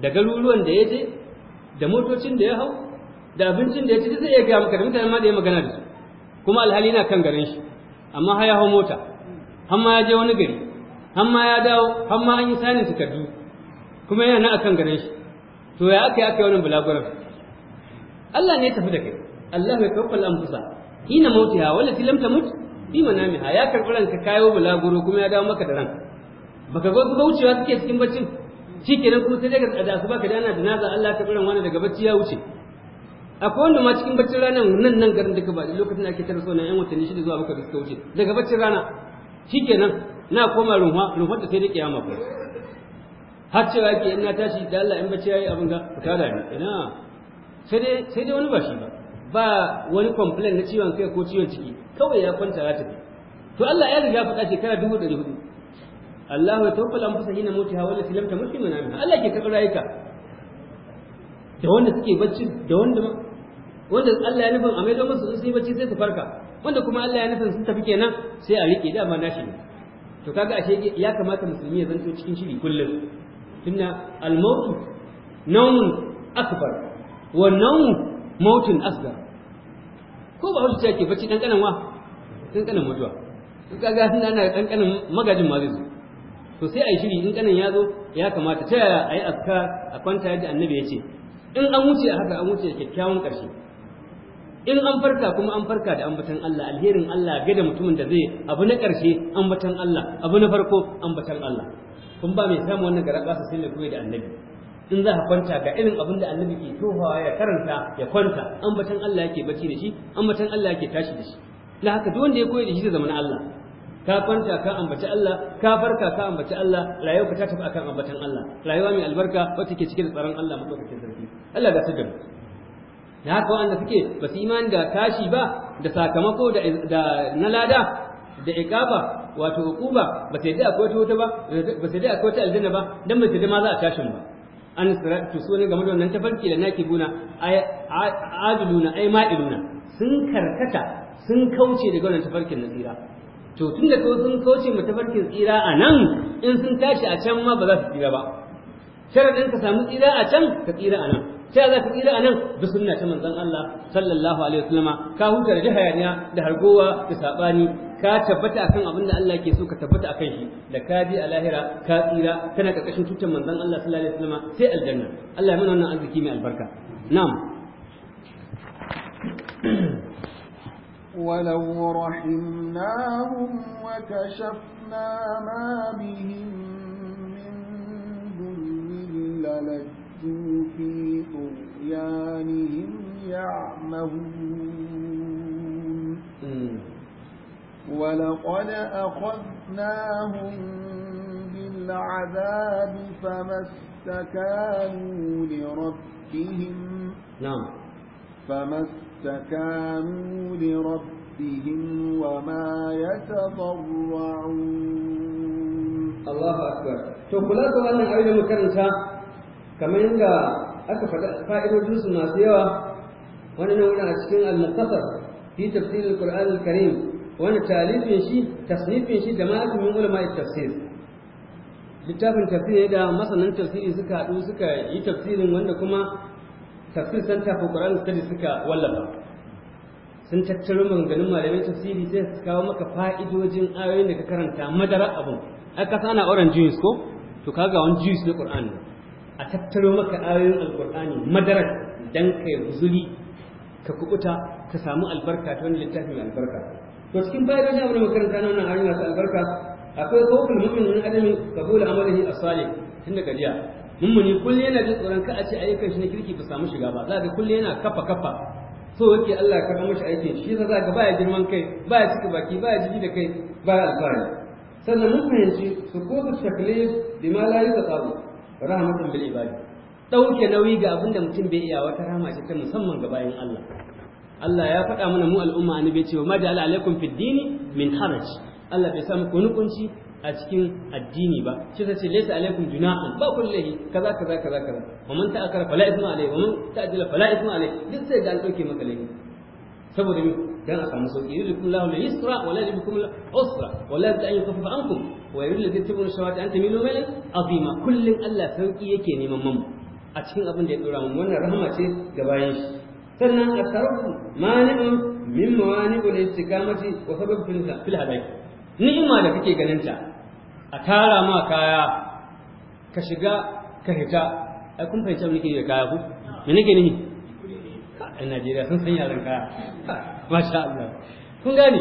da garuruwan da ya je da motocin da ya hau da abincin da ya ci zai iya ga maka da mutane ma da ya magana da su kuma alhali na kan garin shi amma haya hau mota har ma ya je wani gari har ma ya dawo har ma an yi sanin kaddu kuma yana nan akan garin shi to ya aka yi aka yi wannan bulaguran Allah ne ya tafi da kai Allah ya kawfal anfusa hina mautiha wallati lam tamut bi manamiha ya karbi ranka kayo bulaguro kuma ya dawo maka da ranka baka ga ba wucewa suke cikin baccin shikenan kuma sai daga da asuba ka dana da naza Allah ka biran wani daga bacci ya wuce akwai wanda ma cikin baccin ranar nan nan garin duka ba lokacin da ake tara so na yan watanni shida zuwa bakwai da suka wuce daga baccin rana shikenan na koma runwa runwa ta sai da kiyama ko har cewa ke ina tashi da Allah in bace yayi abin ga ka da ni ina sai dai sai dai wani ba shi ba ba wani complain na ciwon kai ko ciwon ciki kawai ya kwanta ya tafi to Allah ya riga faɗa shekara dubu ɗari hudu Allah ya tawaffal anfusa hina mutiha wallati lam filamta fi manamiha Allah ke karɓar rayuka da wanda suke bacci da wanda wanda Allah ya nufin a maido musu sun yi bacci sai su farka wanda kuma Allah ya nufa sun tafi kenan sai a rike dama nashi ne to kaga ashe ya kamata musulmi ya zanto cikin shiri kullum tunna al-maut nawmun akbar wa nawm mautun asgar ko ba wuce ke bacci dan kanan wa dan kanan mutuwa to kaga sun ana dan kanan magajin ma zai zo to sai ai shiri in kanan ya zo ya kamata ta yaya ayi aska a kwanta yadda annabi ya ce in an wuce haka an wuce kyakkyawan karshe in an farka kuma an farka da ambatan Allah alherin Allah ga da mutumin da zai abu na ƙarshe ambatan Allah abu na farko ambatan Allah kun ba mai samu wannan garaba su sai koyi da annabi in za ka kwanta ga irin abin da annabi ke tofawa ya karanta ya kwanta ambatan Allah yake bacci da shi ambatan Allah yake tashi da shi Na haka duk wanda ya koyi da shi zai zama Allah ka kwanta ka ambaci Allah ka farka ka ambaci Allah rayuwa ka ta tafi akan ambatan Allah rayuwa mai albarka wacce ke cike da tsaron Allah madaukakin sarki Allah ga sabbi da haka wanda suke ba su imani da tashi ba da sakamako da na lada da ikaba wato hukuma ba sai dai akwai wata ba ba sai dai akwai wata aljanna ba dan ba sai dai ma za a tashi ba an siratu sunan game da wannan tafarki da naki guna ajluna ay ma'iluna sun karkata sun kauce daga wannan tafarkin nasira to tun da sun kauce mu tafarkin tsira a nan in sun tashi a can ma ba za su tsira ba sharadin ka samu tsira a can ka tsira a nan sai za ka tsira anan da sunna ta manzon Allah sallallahu alaihi wasallama ka huta da hayaniya da hargowa da sabani ka tabbata akan abin da Allah ke so ka tabbata akan shi da ka bi a lahira ka tsira kana karkashin tutan manzon Allah sallallahu alaihi wasallama sai aljanna Allah ya mana wannan arziki mai albarka na'am ولو رحمناهم وكشفنا ما بهم من لبثوا في طغيانهم يعمهون ولقد أخذناهم بالعذاب فما استكانوا لربهم نعم فما استكانوا لربهم وما يتضرعون الله أكبر شوف kula da wannan abin da kamar yadda aka faɗa fa'idojin su masu yawa wani nan a cikin al-muqtasar fi tafsir al-Qur'an al-Karim wani talibin shi tasnifin shi da malamin ulama tafsir littafin tafsiri da masanan tafsiri suka haɗu suka yi tafsirin wanda kuma tafsir center for Quran study suka wallafa sun tattaro maganganun malamin tafsiri sai su kawo maka fa'idojin ayoyin da ka karanta madara abun aka sana orange juice ko to kaga wani juice na Qur'an ne a tattaro maka ayoyin alkur'ani madarar dan kai huzuri ka kubuta ka samu albarka ta wani littafi mai albarka to cikin fa'idojin da makaranta na wannan ayoyi masu albarka akwai khawful mu'min min adamin qabul amalihi as-salih tun daga jiya mummuni kullum yana jin tsoron ka a ce ayyukan shi na kirki ba samu shiga ba za ka kullum yana kafa kafa so yake Allah ya karɓa mashi aikin shi yasa zaka baya girman kai baya cika baki baya jiji da kai baya alfahari sannan mun fahimci su ko su bi bima la tsaro rahmatun bil ibadi dauke nauyi ga abin da mutum bai iya wata rahama ce ta musamman ga bayan Allah Allah ya faɗa mana mu al'umma annabi cewa ma ja'ala alaikum fid dini min haraj Allah bai samu kunu kunci a cikin addini ba shi ta ce laysa alaikum junahun ba kullahi kaza kaza kaza kaza wa man ta'akara fala ithma alayhi wa man ta'jala fala ithma alayhi duk sai ga an dauke maka laifi saboda me dan a samu sauki yuridu kullahu al-yusra wa la yuridu bikum al-usra wa la yuridu fa ankum wa da shawar da an ta milo mailan azima kullum Allah sauki yake neman mamu a cikin abin da ya dora mu wannan rahama ce ga bayan shi sannan at-tarabbu mani'un min mawani'ul ce wa sabab fil hadai ni'ima da kake ganin ta a tara ma kaya ka shiga ka hita ai kun fahimci abin da kaya ku me nake nihi a Najeriya sun san yaran kaya masha Allah kun gane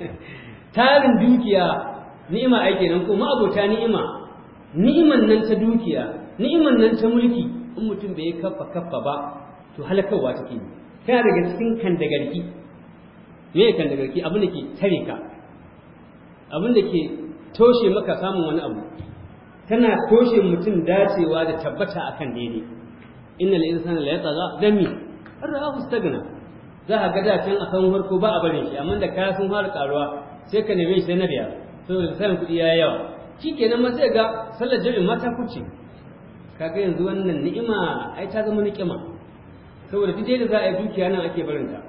tarin dukiya ni'ima ai kenan ko ma'abota ni'ima ni'iman nan ta dukiya ni'iman nan ta mulki in mutum bai kaffa kaffa ba to halakarwa take ne kana daga cikin kandagarki me kandagarki abin da ke tare ka abin da ke toshe maka samun wani abu tana toshe mutum dacewa da tabbata akan daidai innal insana la yatagha dami ar-ra'ahu istaghna za ka ga da can akan farko ba a barin shi amma da ka sun fara karuwa sai ka neme shi na biya saboda tsarin kuɗi ya yawa shi kenan ma sai ga sallar jami'in mata kuce kaga yanzu wannan ni'ima ai ta zama ni'ima saboda duk da za a yi dukiya nan ake barin ta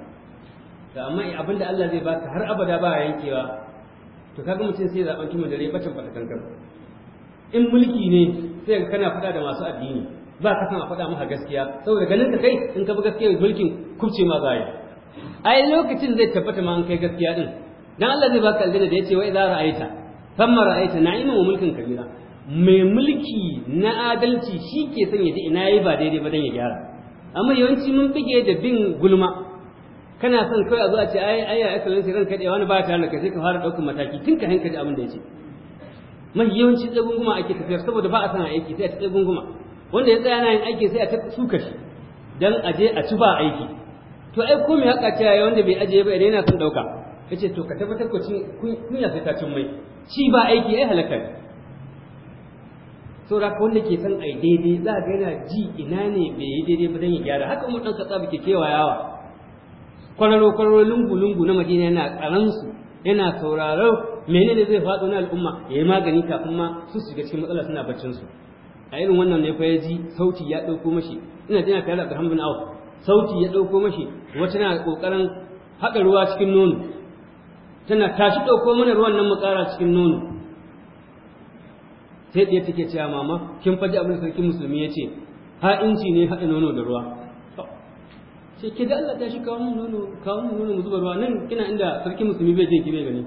to amma abin da Allah zai baka har abada ba yankewa to kaga mutum sai zaben kuma dare bacin fata kankan in mulki ne sai ka kana faɗa da masu addini ba ka san a faɗa maka gaskiya saboda ganin ka kai in ka bi gaskiya mulkin kubce ma za yi ai lokacin zai tabbata ma an kai gaskiya din dan Allah zai baka aljanna da yace wa idza ra'aita thumma ra'aita na'iman wa mulkin kabira mai mulki na adalci shi ke son ya ina yi ba daidai ba dan ya gyara amma yawanci mun bige da bin gulma kana son kai a zo a ce ai ai ai kallon ranka da wani ba ta sai ka fara daukar mataki tun ka hankali abin da yace mai yawanci tsagunguma ake tafiyar saboda ba a san aiki sai a tsagunguma wanda ya tsaya na yin aiki sai a tafi suka shi dan aje a ci ba aiki to ai ko me haka ce wanda bai aje ba idan yana son dauka ce to ka tabbatar ku kunya sai ta cin mai shi ba aiki ai halaka ne saboda ka wanda ke san ai daidai za ga yana ji ina ne bai yi daidai ba dan ya gyara haka umar dan khattab ke kewayawa kwararo kwararo lungu lungu na madina yana karansu yana sauraro menene zai faɗo na al'umma yayi magani kafin ma su shiga cikin matsala suna baccin su a irin wannan ne fa ya ji sauti ya ɗauko mashi ina jina tare da Abdulrahman bin Auf sauti ya ɗauko mashi wata na ƙoƙarin haɗa ruwa cikin nono tana tashi ɗauko mana ruwan nan mu ƙara cikin nono sai ɗaya take cewa mama kin faɗi abin sarkin musulmi ya ce ha inci ne haɗa nono da ruwa sai ke da Allah ta shi kawo mu nono kawo mu nono mu zuba ruwa nan kina inda sarkin musulmi bai je ki bai gani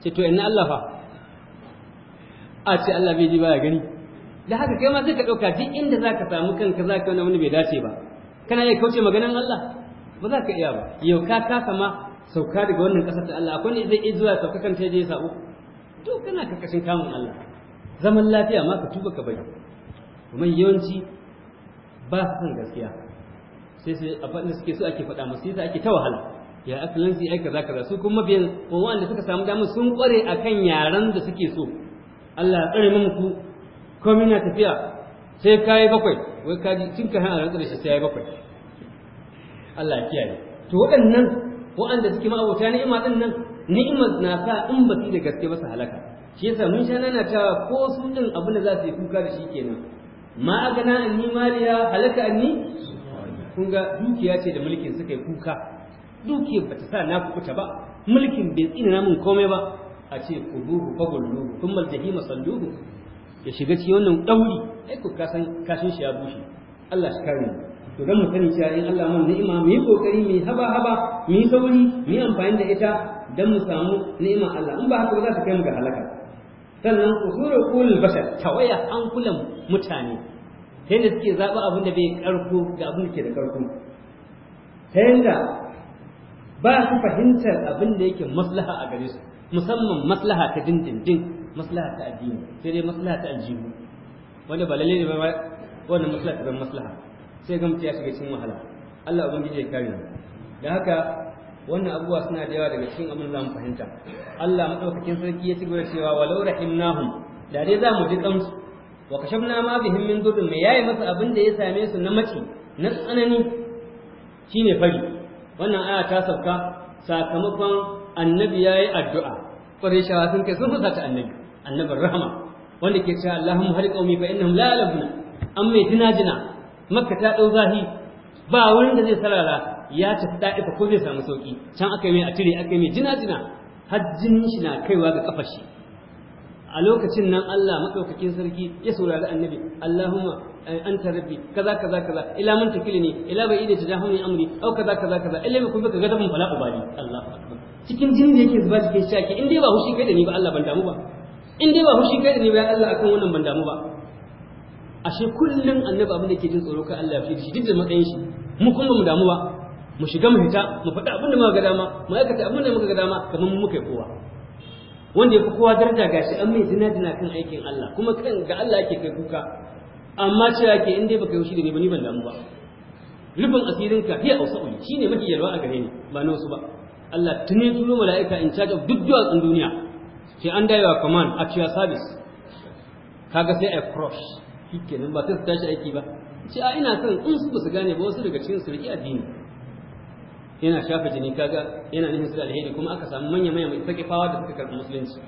ce to inna Allah fa a ce Allah bai ji baya gani da haka kai ma sai ka ɗauka duk inda za ka samu kanka za ka wani wani bai dace ba kana iya kauce maganan Allah ba za ka iya ba yau ka kasa ma sauka daga wannan ƙasar ta Allah akwai ne zai iya zuwa sauka kan ta je ya sabo to kana karkashin kamun Allah zaman lafiya ma ka tuba ka bai kuma yawanci ba su san gaskiya sai sai a faɗin suke so ake faɗa musu sai ake ta wahala ya excellency ai kaza kaza su kuma biyan ko wanda suka samu damar sun kware akan yaran da suke so Allah ya tsare mu komai na tafiya sai ka yi bakwai wai kaji cin ka hana rantsar shi sai ya yi bakwai Allah ya kiyaye to waɗannan waɗanda suke ma'abota ni'ima ɗin nan ni'imar na sa in ba su da gaske ba su halaka shi yasa mun sha nana ta ko su din abin da za su yi kuka da shi kenan ma an anni maliya halaka ni? kun ga dukiya ce da mulkin suka yi kuka dukiyar ba ta sa na kukuta ba mulkin bai tsina namun komai ba a ce kuduhu fagulluhu kun maljahima ya shiga cikin wannan ɗauri ai ku kasan kashin shi ya bushe Allah shi kare mu to dan mu sani cewa in Allah mun ni'ima mu yi kokari mu haba haba mu yi sauri mu yi amfani da ita dan mu samu ni'imar Allah in ba haka ba za ta kai mu ga halaka sannan usulul qul bashar tawaya an kulan mutane Sai da suke zaba abin da bai karko ga abin da ke da karko ta yanda ba su fahimtar abin da yake maslaha a gare su musamman maslaha ta dindindin maslaha ta addini sai dai maslaha ta aljihu wanda ba lalle ne ba wannan maslaha ta maslaha sai ga ya shiga cikin wahala Allah ubangiji ya kare mu da haka wannan abubuwa suna da yawa daga cikin abin zamu fahimta Allah madaukakin sarki ya ci gaba cewa walau rahimnahum da dai za mu ji kansu wa kashafna ma bihim min dhurrin ya yayi masa abin da ya same su na mace na tsanani shine fari wannan aya ta sauka sakamakon annabi yayi addu'a Qurayshawa sun kai sun fusata annabi annabin rahama wanda ke cewa Allahumma hal qaumi fa innahum la ya'lamuna amma jina jina makka ta ɗau zahi ba wurin da zai sarara ya tafi ɗa'ifa ko zai samu sauƙi can aka yi mai a tire aka yi mai jina jina har jinin shi na kaiwa ga ƙafar shi a lokacin nan Allah maɗaukakin sarki ya saurari annabi Allahumma eh, anta rabbi kaza kaza kaza ila man takilni ila bai ida tajahuni amri au kaza kaza kaza illa mai kun baka ga dabin fala ubali Allahu akbar cikin jinin da yake zuba cikin shaki in dai ba hushi kai da ni ba Allah ban damu ba in dai ba hushi kai da ni ba Allah akan wannan ban damu ba ashe kullum annabi abin da ke jin tsoro kan Allah ya fi shi duk da matsayin shi mu kuma mu damuwa, mu shiga mu fita mu faɗi abin da muka ga dama mu aikata abin da muka ga dama kamar mu muka kowa wanda ya fi kowa daraja gashi an mai dina dina kan aikin Allah kuma kan ga Allah yake kai kuka amma cewa ke in dai baka yi shi da ni ba ni ban damu ba rufin asirinka hiya ausa'u shine mafi yalwa a gare ni ba na wasu ba Allah tuni turo mala'ika in charge of duk duwatsun duniya sai an dawo command a cewa service kaga sai a crush shikenan ba sai su tashi aiki ba ce a ina son in su ba su gane ba wasu daga cikin su riƙi addini yana shafa jini kaga yana nufin su da alheri kuma aka samu manya manya mai sake fawa da suka karɓi musulunci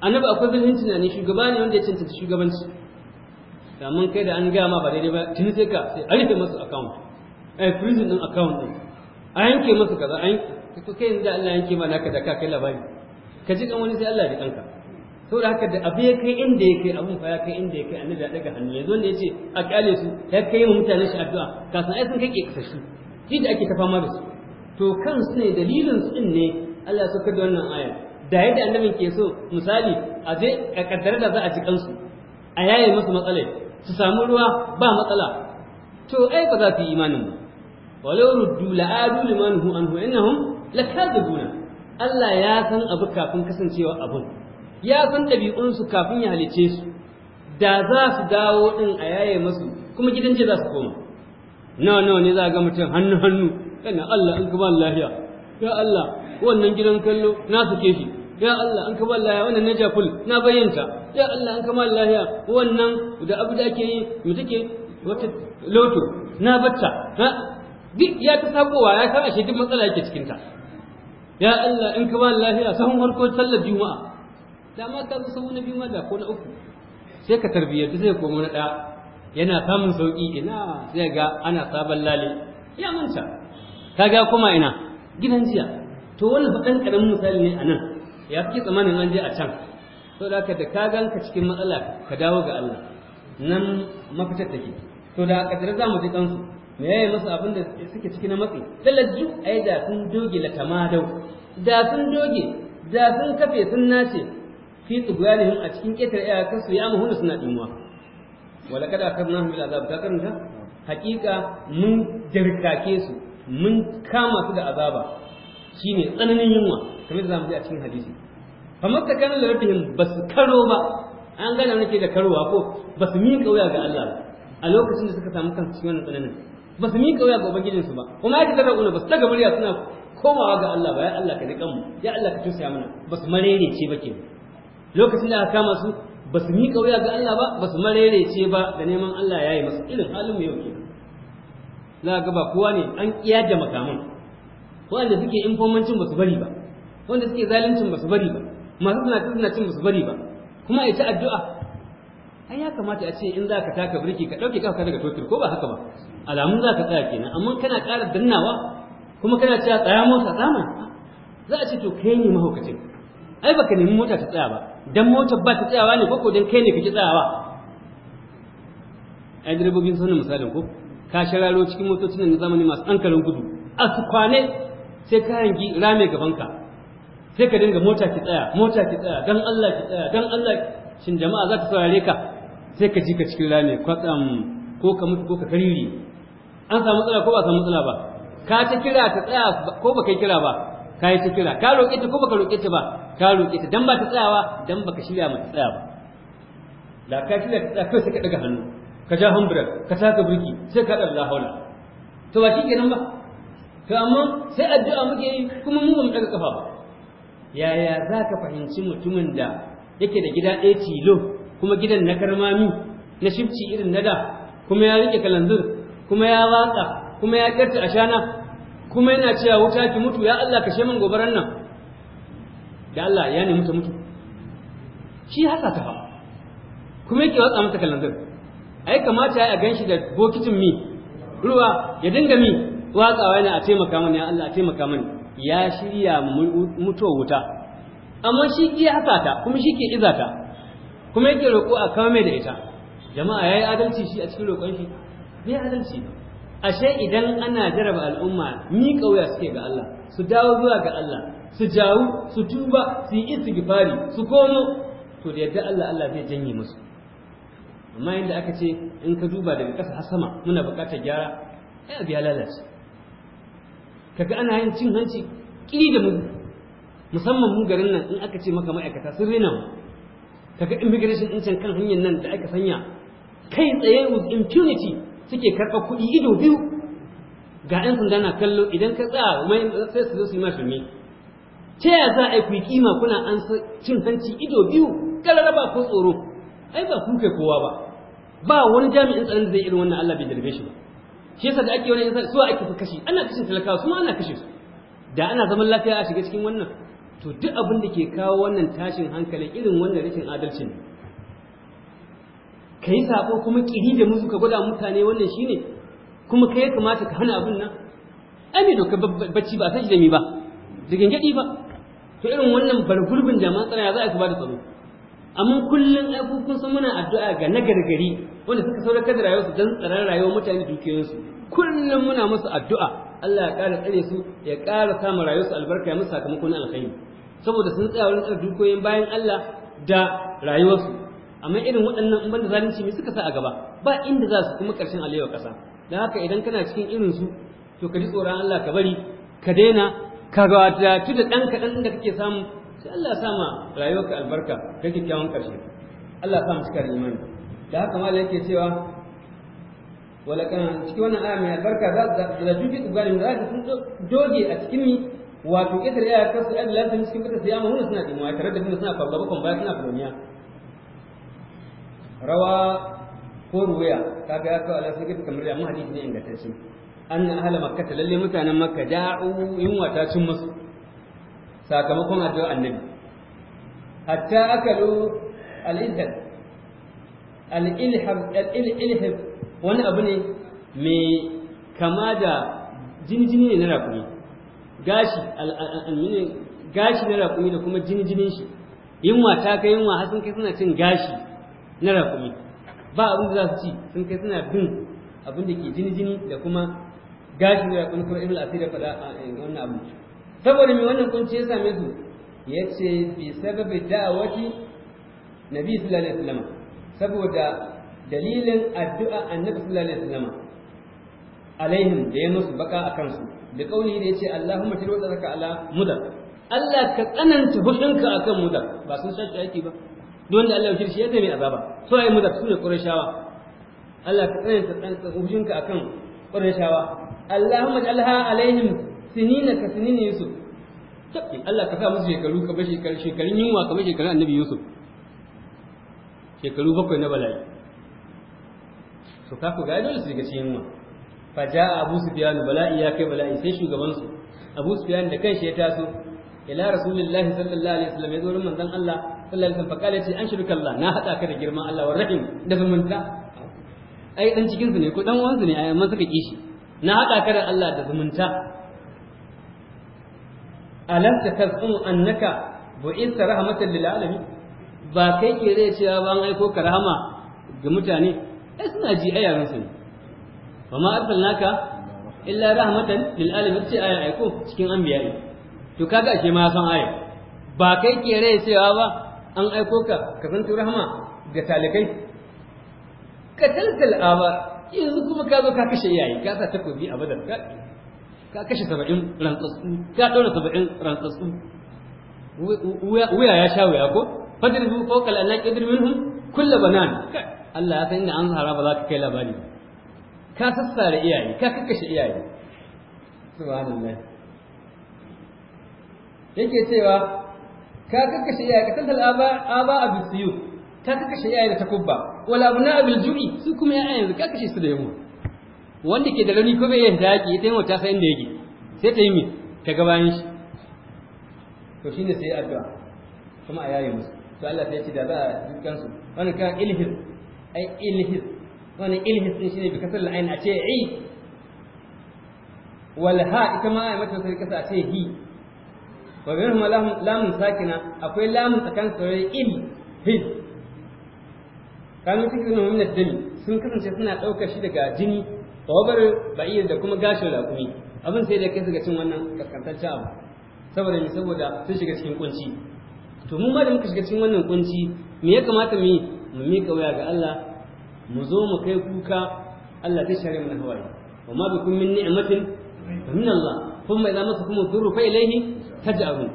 annabi akwai na ne shugaba ne wanda ya cancanta shugabanci da mun kai da an gaya ma ba daidai ba tuni sai ka sai a rufe masa account ai prison din account din a yanke masa kaza a an kai yanzu da Allah yanke ma naka da ka kai labari ka ji kan wani sai Allah ya kanka to da haka da abu ya kai inda ya kai abun fa ya kai inda ya kai annabi ya daga hannu yanzu wanda yace a kyale su ya kai mu mutane shi addu'a kasan ai sun kake kasashe shi da ake ta fama da su to kan su ne dalilin su ne Allah ya saukar da wannan aya da yadda annabin ke so misali a je a kaddara da za a ci kansu a yaye musu matsalai su samu ruwa ba matsala to ai ba za su yi imanin ba walau ruddu la'adu liman hu anhu innahum lakadibuna Allah ya san abu kafin kasancewa abun ya san ɗabi'unsu kafin ya halice su da za su dawo ɗin a yaye masu kuma gidan ce za su koma nawa nawa ne za a ga mutum hannu hannu kana Allah an ka ba lafiya ya Allah wannan gidan kallo na su ke shi ya Allah an ka ba lafiya wannan na jakul na bayyanta ya Allah an ka lahiya. lafiya wannan da abu da ake yi mu take wata loto na batta duk ya ta sakowa ya san ashe duk matsala yake cikin ta ya Allah in ka ba lafiya sahun harkar sallar juma'a dama ka zo sahu na biyu maza ko na uku sai ka tarbiyyatu sai komo na ɗaya yana samun sauƙi ina sai ga ana sabon lale ya manta ka ga kuma ina gidan jiya to wannan fa misali ne a nan ya fi tsamanin an je a can da haka da ka ganka cikin matsala ka dawo ga Allah nan mafitar take to da ƙadar za mu ji kansu me yayi musu abin da suke ciki na matsi lalaju ai da sun doge la tamadau da sun doge da sun kafe sun nace fi tsibranihim a cikin ƙetare iyakar su ya mahuna suna ɗimuwa wala kada akar nahu bil azab ta karanta haƙiƙa mun jirkake su mun kama su da azaba shine tsananin yunwa kamar da zamu ji a cikin hadisi fa makka kana da rabbihim bas karo ba an gane wani ke da karowa ko bas min wuya ga Allah a lokacin da suka samu kansu cikin wannan tsananin bas miƙa wuya ga ubangijinsu ba kuma yake zarra ba su daga murya suna komawa ga Allah ba ya Allah ka riƙan mu ya Allah ka tusaya mana bas marere ce ba ke mu lokacin da aka kama su ba su miƙa wuya ga Allah ba ba su marerece ba da neman Allah ya yi masu irin halin mu yau ke. za a ba kowa ne an da makaman wanda suke infomancin ba su bari ba wanda suke zaluncin ba su bari ba masu suna cin ba su bari ba kuma a ci addu'a an ya kamata a ce in za ka taka birki ka ɗauke kafa daga totir ko ba haka ba alamun za ka tsaya kenan amma kana ƙara dannawa kuma kana cewa tsaya mota tsama za a ce to kai ne mahaukacin ai baka nemi mota ta tsaya ba dan motar ba ta tsayawa ne ko don dan kai ne ka kake tsayawa ai direbobin sun misalin ko ka shararo cikin motocin na zamani masu ankalin gudu a su kwane sai ka hangi rame gabanka sai ka dinga mota ki tsaya mota ki tsaya dan Allah ki tsaya dan Allah shin jama'a za ta saurare ka sai ka ji ka cikin rame kwatsam ko ka mutu ko ka kariri an samu matsala ko ba samu matsala ba ka ta kira ta tsaya ko ba kai kira ba ka yi ta kira ka roƙe ta ko baka roƙe ta ba ka roƙe ta dan ba ta tsayawa dan baka shirya mata tsaya ba da ka shirya ta tsaya kai sai ka daga hannu ka ja hambura ka saka burki sai ka ɗaga haula to ba nan ba to amma sai addu'a muke yi kuma mu ba mu daga kafa ba yaya za ka fahimci mutumin da yake da gida ɗaya tilo kuma gidan na karmami na shifci irin na da kuma ya rike kalanzir kuma ya watsa kuma ya ƙarta a shana kuma yana cewa wuta ki mutu ya Allah kashe min gobaran nan ya Allah ya nemi ta mutu shi haka ta kuma yake watsa mata kalandar ai kamata ya ganshi da bokitin mi ruwa ya dinga mi watsawa ne a taimaka mani ya Allah a taimaka mani ya shirya mutuwa wuta amma shi ke haka ta kuma shi ke iza ta kuma yake roƙo a kawo mai da ita jama'a yayi adalci shi a cikin roƙon shi bai adalci ba ashe idan ana jaraba al'umma ni kauya suke ga Allah su dawo zuwa ga Allah su jawo su tuba su yi istighfari su komo to da yadda Allah Allah zai janye musu amma inda aka ce in ka duba daga ƙasa har sama muna buƙatar gyara ai abu ya lalace kaga ana yin cin hanci kiri da mu musamman mu garin nan in aka ce maka ma'aikata sun rena mu kaga immigration din can kan hanyar nan da aka sanya kai tsaye with impunity suke karɓar kuɗi ido biyu ga 'yan sanda na kallo idan ka tsaya mai sai su zo su yi ma shirme ta yaya za a yi kuyi kima kuna an cin hanci ido biyu kalara ba ko tsoro ai ba ku kai kowa ba ba wani jami'in tsaron zai irin wannan Allah bai darbe shi ba shi yasa da ake wani yasa su ake kashi ana kashe talakawa su ma ana kashe su da ana zaman lafiya a shiga cikin wannan to duk abin da ke kawo wannan tashin hankalin irin wannan rashin adalcin ne ka yi saƙo kuma kiri da musu ka gwada mutane wannan shine kuma ka ya kamata ka hana abin nan ai mai doka bacci ba a san da mi ba da gangaɗi ba to irin wannan bargurbin jama'a tsara ya za a ba da tsaro amma kullum ai kun san muna addu'a ga na gargari wanda suka sauraka da rayuwarsu don tsaron rayuwar mutane da dukiyoyinsu kullum muna musu addu'a Allah ya ƙara tsare su ya ƙara samun rayuwarsu albarka ya musu sakamakon alkhairi saboda sun tsaya wurin tsara dukiyoyin bayan Allah da rayuwarsu amma irin waɗannan in banda zalunci me suka sa a gaba ba inda za su kuma ƙarshen alewa ƙasa don haka idan kana cikin irin su to ka ji tsoron Allah ka bari ka daina ka wadatu da ɗan kaɗan da kake samu sai Allah ya sama rayuwarka albarka ga kyakkyawan ƙarshe Allah ya sa mu cika da imani da haka malam yake cewa walakan cikin wannan aya mai albarka za su da jufi tsugani da za sun doge a cikin mi wato ƙetare ya kasu ɗan lafiya cikin fata sai ya mahuna suna ɗimuwa tare da suna fargaba kan baya suna fuloniya rawa ko ruwaya kaga ya kawo alasu gita kamar amma hadisi ne ingantacce an na ahala makka lalle mutanen makka da'u yunwa ta cin musu sakamakon addu'ar annabi hatta akalu al-ilhab al-ilhab al-ilhab wani abu ne mai kama da jinjini ne na rakumi gashi gashi na rakumi da kuma jinjinin shi yunwa ta kai yunwa har sun kai suna cin gashi na rakumi ba abin da za su ci sun kai suna bin abin da ke jini jini da kuma gashin rakumi kuma ibn asir ya faɗa a eh, wannan abu saboda me wannan kunci ya same su ya ce bi sababi da'awati nabi sallallahu alaihi wasallam saboda dalilin addu'a annabi sallallahu alaihi wasallam alaihim da ya musu baka a kansu da kauli da ce Allahumma tirwa zaka ala mudar Allah ka tsananta a akan mudar ba sun shashi aiki ba duk da Allah ya kirshi ya zai mai azaba so ai mu da su ne qurayshawa Allah ka tsare tsarkushinka akan qurayshawa Allahumma ij'alha alaihim sinina ka sinina yusuf tabbi Allah ka sa musu shekaru ka bar shekaru shekarun yunwa ka bar shekarun annabi yusuf shekaru bakwai na bala'i so ka ku ga dole su shiga cikin yunwa fa ja'a abu sufyan bala'i ya kai bala'i sai shugaban su abu sufyan da kanshi ya taso ila rasulillahi sallallahu alaihi wasallam ya zo manzon Allah sallallahu alaihi wasallam ya ce an shirka Allah na hada ka da girman Allah wa rahim da zumunta ai dan cikin su ne ko dan wansu ne ai amma suka kishi na hada ka da Allah da zumunta alam ta tasu annaka bu'isa rahmatan lil alamin ba kai ke zai cewa ba an aiko ka rahama ga mutane ai suna ji ai yaran su ne wa ma arsalnaka illa rahmatan lil alamin ce ai aiko cikin ne. to kaga ashe ma san ayo ba kai ke rai cewa ba an aiko ka ka zanto rahama ga talikai ka talsal aba yanzu kuma ka zo ka kashe yayi ka sa takobi a badar ka ka kashe saba'in rantsatsu ka ɗaura saba'in rantsatsu wuya ya sha wuya ko fadribu fawqa al-anaq idrib minhum kullu banan Allah ya san inda an zahara ba za ka kai labari ka sassare iyaye ka kakkashe iyaye subhanallah yake cewa ka kakkashe iyaye ka tantal aba a bisiyu ka ya iyaye da takubba wal abna bil ju'i su kuma ya yanzu ka kashe su da yamu wanda ke da rauni ko bai yanta yake ita yunwa ta san inda yake sai ta yi mi ta gabayin shi to shine sai addu'a kuma a yayi musu to Allah sai ya ce da za a dukkan su wannan kan ilhis ai ilhis wannan ilhis din shine bi kasal al'ain a ce i wal ha ita ma ai mata sai kasa a ce hi wa minhum lamun sakina akwai lamun tsakan sarai in hil kanu cikin min dami sun kasance suna ɗaukar shi daga jini tawabar ba'ir da kuma gashin lakumi abin sai da kai su ga cin wannan kaskantaccen abu saboda ne saboda sun shiga cikin kunci to mu ma da muka shiga cikin wannan kunci me ya kamata mu yi mu miƙa waya ga Allah mu zo mu kai kuka Allah zai share mana hawaye wa ma bikum min ni'matin min Allah kuma idza kuma dhurru fa ilayhi taj'alu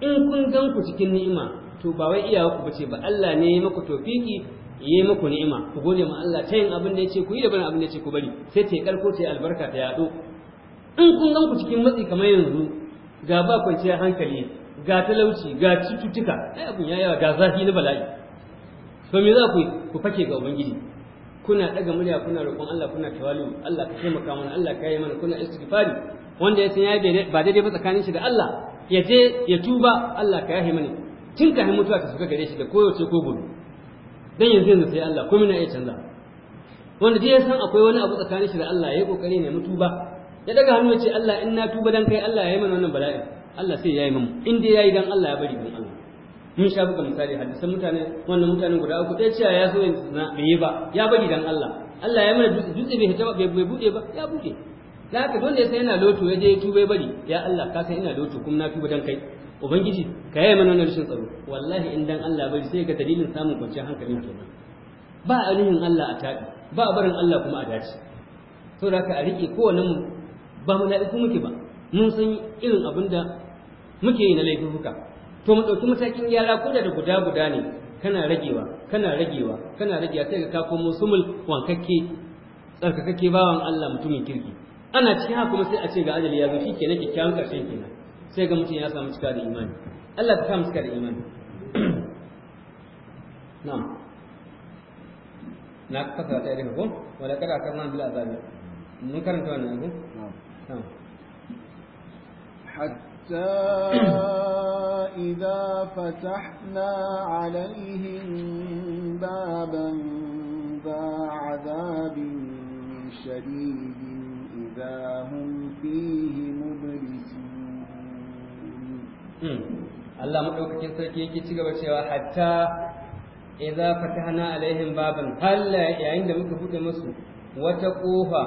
in kun gan ku cikin ni'ima to ba wai iyawa ku bace ba Allah ne ya muku tofiki yi muku ni'ima ku gode ma Allah ta yin abin da ce ku yi da bana abin da ce ku bari sai ta karko ta albarka ta yado in kun gan ku cikin matsi kamar yanzu ga ba kwanciyar hankali ga talauci ga cututtuka ai abun ya yawa ga zafi na bala'i to me za ku ku fake ga ubangiji kuna daga murya kuna roƙon Allah kuna tawali Allah ka taimaka mana Allah ka yi mana kuna istighfari wanda ya san ya ba daidai ba tsakanin shi da Allah ya je ya tuba Allah ka yahi mani tun ka mutuwa ka suka gare shi da koyaushe ko gudu dan yanzu yanzu sai Allah komai na iya canza wanda dai san akwai wani abu tsakanin shi da Allah ya yi kokari ne mutuba ya daga hannu ya ce Allah in na tuba dan kai Allah ya yi mana wannan bala'in Allah sai ya yi mamu in dai ya yi dan Allah ya bari dan Allah mun sha buga misali hadisan mutane wannan mutanen guda uku ɗaya cewa ya so yin na bai ba ya bari dan Allah Allah ya mana dutse dutse bai hita ba bai buɗe ba ya buɗe da haka dole sai yana loto ya je ya tuba bari ya Allah ka san ina loto kuma na tuba dan kai ubangiji ka yi mana wannan rashin tsaro wallahi in dan Allah bari sai ka dalilin samun kwanciyar hankali kenan ba alihin Allah a taɗi ba barin Allah kuma a dace to da ka a rike kowanne mu ba mu la'iku muke ba mun san irin abin da muke yi na laifuka to mu ɗauki matakin gyara ko da guda guda ne kana ragewa kana ragewa kana ragewa sai ka komo sumul wankakke tsarkakakke bawan Allah mutumin kirki ana cikin haka kuma sai a ce ga ajali ya zo shi kenan kyakkyawan karshen kenan sai ga mutum ya samu cika da imani Allah ta samu cika da imani na'am na kasa ta daga ko wala kada ka nan bila azabi mun karanta wannan ko na'am حتى إذا فتحنا عليهم بابا ذا عذاب شديد إذا هم فيه مبلسون Allah maɗaukakin sarki yake ci gaba cewa hatta idza fatahna alaihim baban halla yayin da muka buɗe musu wata ƙofa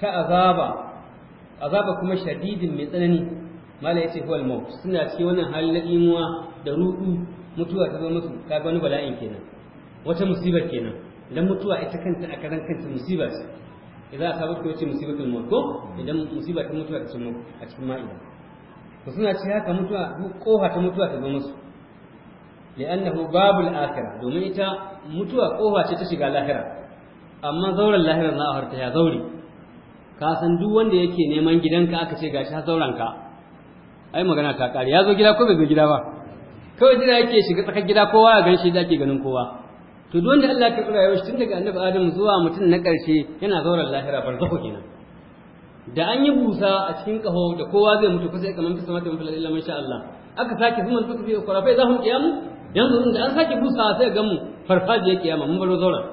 ta azaba azaba kuma shadidin mai tsanani mala yace huwal suna cikin wannan halin da ruɗu mutuwa ta zo musu kaga wani bala'in kenan wata musibar kenan dan mutuwa ita kanta a karan kanta musiba idza asabatku ce musibatul maut ko idan musiba ta mutuwa ta cimma a cikin ma'ida to suna ce haka mutuwa duk kofa ta mutuwa ta zo musu li'annahu babul akhirah domin ita mutuwa kofa ce ta shiga lahira amma zauren lahira na harta ya zaure ka san duk wanda yake neman gidanka aka ce gashi ha zauren ka ai magana ta kare ya zo gida ko bai zo gida ba kawai jira yake shiga tsakar gida kowa ya gan shi da ake ganin kowa to duk wanda Allah ya kira rayuwar tun daga annabi Adam zuwa mutum na ƙarshe yana zauren lahira barzahu kenan da an yi busa a cikin kaho da kowa zai mutu kusa kamar bisa mata mafi lalila masha Allah aka sake zuma suka fi kurafai za mu kiyamu yanzu da an sake busa sai ga mu farfajiyar kiyama mun baro zauren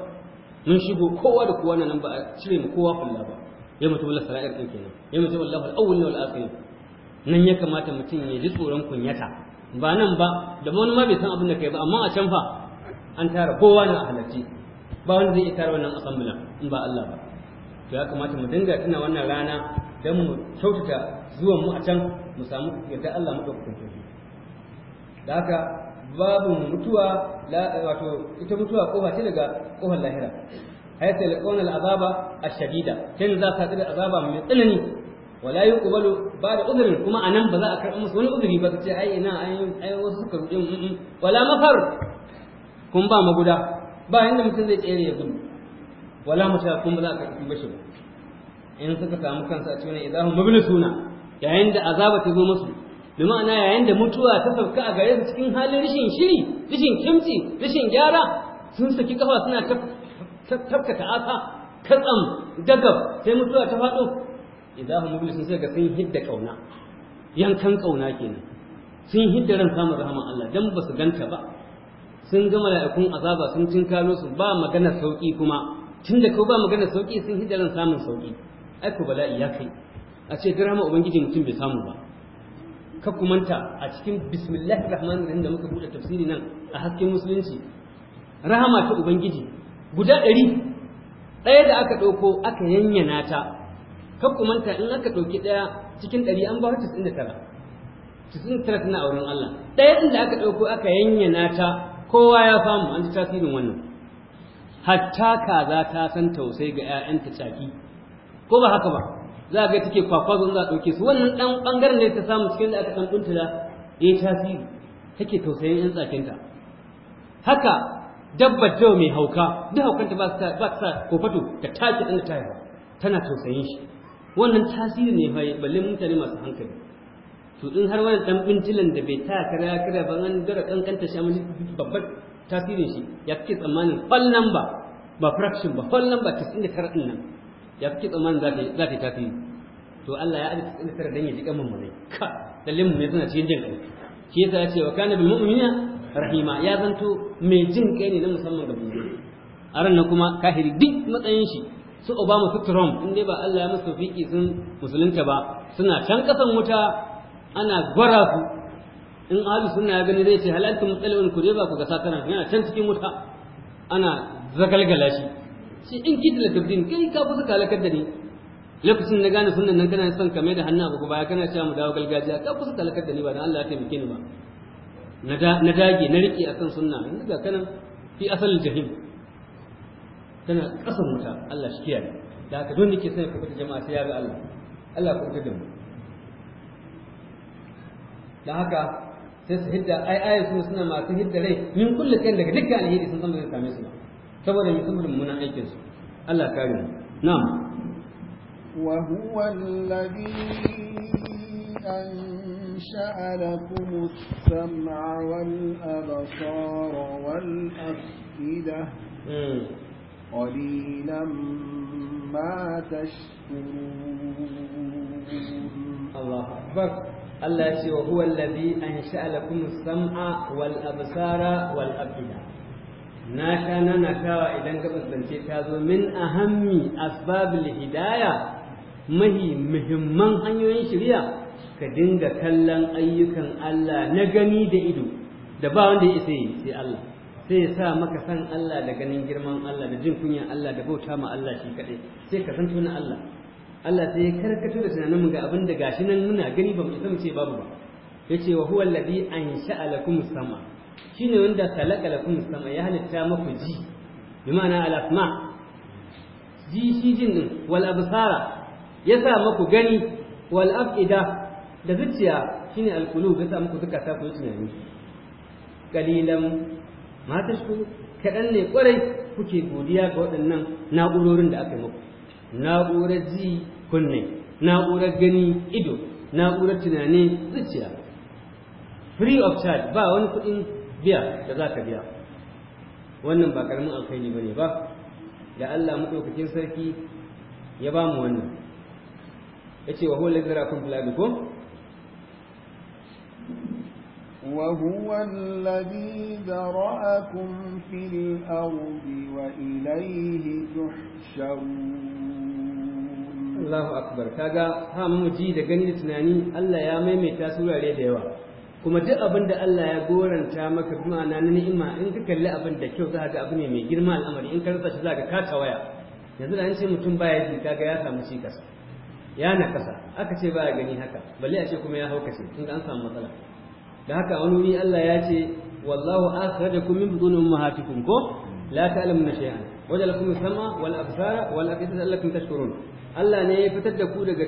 mun shigo kowa da kowa nan ba a cire mu kowa kulla ba ya mutu wallahi sara'ir din kenan ya mutu wallahi al-awwal wal akhir nan ya kamata mutum ya ji tsoron kunyata ba nan ba da wani ma bai san abin da kai ba amma a can fa an tara kowa na halarci ba wanda zai tara wannan assembly in ba Allah ba to ya kamata mu dinga tuna wannan rana dan mu kyautata zuwan mu a can mu samu yadda Allah madaukakin sarki da haka babu mutuwa wato ita mutuwa kofa ce daga kofar lahira hayata yalqawna al'azaba ash-shadida kin za ka tsira azaba mai tsanani wala yuqbalu ba da udhrin kuma anan ba za a karɓi musu wani udhri ba ce ai ina ai wasu suka rudin mm, mm. wala mafar kun ba maguda ba inda mutum zai tsere ya gudu wala mutum kun ba za ka karɓi bashi ba in suka samu kansa a cikin idahu mabni suna yayin da azaba ta zo musu bi ma'ana yayin da mutuwa ta sauka a gare su cikin halin rishin shiri rishin kimci rishin gyara sun saki kafa suna tafka ta'asa katsam dagab sai mutuwa ta faɗo idahu mabni sun sai ga sun hidda kauna yankan kauna kenan sun hidda ran samun rahaman Allah dan ba su ganta ba sun gama mala'ikun azaba sun tinkalo su ba magana sauki kuma tun da kai ba magana sauki sun hidaran samun sauki aiko bala'i ya kai a ce girma ubangiji mutum bai samu ba ka kumanta a cikin bismillahir rahmanir rahim da muka bude tafsiri nan a hasken musulunci rahama ta ubangiji guda ɗari ɗaya da aka ɗauko aka yanyana ta ka kumanta in aka ɗauki ɗaya cikin ɗari an ba ta 99 99 tana auren Allah ɗaya inda aka ɗauko aka yanyana ta kowa ya samu an ji tasirin wannan hatta kaza ta san tausai ga 'ya'yanta caki ko ba haka ba za ga take kwakwa za a ɗauke su wannan ɗan ɓangaren ne ta samu cikin da aka ɗan ƙuntula ya tasiri take tausayin 'yan tsakinta haka dabbar jau mai hauka duk haukanta ba ta sa fato ta take ɗan ta tana tausayin shi wannan tasiri ne balle mutane masu hankali to in har wani dan bintilan da bai ta kare ya kare ba an gara kankanta shi amma babbar tasirin shi ya fi tsammanin fal number ba fraction ba fal number kare din nan ya fi tsammanin za ta za ta tasiri to Allah ya alƙi 99 dan ya ji mun mu ka dalilin mu ne suna cikin jin kai shi yasa ya ce wa kana bil mu'minina rahima ya zanto mai jin kai ne na musamman ga mu'mini a ran kuma kahiri duk matsayin shi su Obama su Trump in dai ba Allah ya musu fiki sun musulunta ba suna can kasan wuta ana gwara in ahlu sunna ya gani zai ce hal antum mutsalun ku ba ku ga sakaran yana can cikin wuta ana zagalgala shi shi in kidla tabdin kai ka fi suka da ni lokacin na gane nan kana son kame da hannu abu baya kana cewa mu dawo gargajiya ka fi suka da ni ba dan Allah ya taimake ni ba na dage na rike akan sunna yanzu ga kanan fi asalin jahim tana kasan wuta Allah shi kiyaye da haka don nake sai ku fita jama'a sai ya ga Allah Allah ku fita da mu don haka sai su hidda ai ai su suna masu hidda rai min kullu kan daga dukkan alheri sun san ba zai same su ba saboda mai saboda mummunan aikin su Allah kare mu na'am wa huwa alladhi أنشأ لكم السمع والأبصار والأفئدة قليلا ما تشكرون الله أكبر Allah ya ce wa huwa allazi ansha'a lakum kuma sama wal absara wal afida na sha na kawa idan gabas zance ta zo min ahammi asbabil hidaya mahi muhimman hanyoyin shirya ka dinga kallon ayyukan Allah na gani da ido da ba wanda ya isa yi sai Allah sai ya sa maka san Allah da ganin girman Allah da jin kunyan Allah da bauta ma Allah shi kaɗai sai ka san tunan Allah Allah sai ya karkato da tunanin mu ga abin da gashi nan muna gani ba mu isa mu ce babu ba yace wa huwa alladhi ansha'a lakum sama shine wanda khalaqa lakum sama ya halitta muku ji bi ma'ana al asma ji shi jin din wal absara ya sa muku gani wal afida da zuciya shine al qulub ya sa muku zakata ku tunani kalilan ma tashkuru kadan ne kwarai kuke godiya ga waɗannan na'urorin da aka yi muku na'urar ji kunne na'urar gani ido na'urar tunani zuciya free of charge ba wani kuɗin biya da za ka biya wannan ba karamin alkhairi ba ne ba da Allah maɗaukakin sarki ya ba mu wannan ya ce wa huwa lazara kun ko وهو الذي ذرأكم في الأرض وإليه تحشرون Allahu akbar kaga ha mu ji da gani da tunani Allah ya maimaita surare da yawa kuma duk abin da Allah ya goranta maka kuma na ni'ima in ka kalli abin da kyau za ga abu ne mai girma al'amari in ka rasa shi za ka kata waya yanzu da an ce mutum baya ji kaga ya samu cikas ya na kasa aka ce baya gani haka balle a ce kuma ya haukace tun an samu matsala da haka wani wuri Allah ya ce wallahu akhrajakum min butun ummahatikum ko la ta'lamuna shay'an wajen lakum sama wal absara wal afidata allakum tashkurun Allah ne ya fitar da ku daga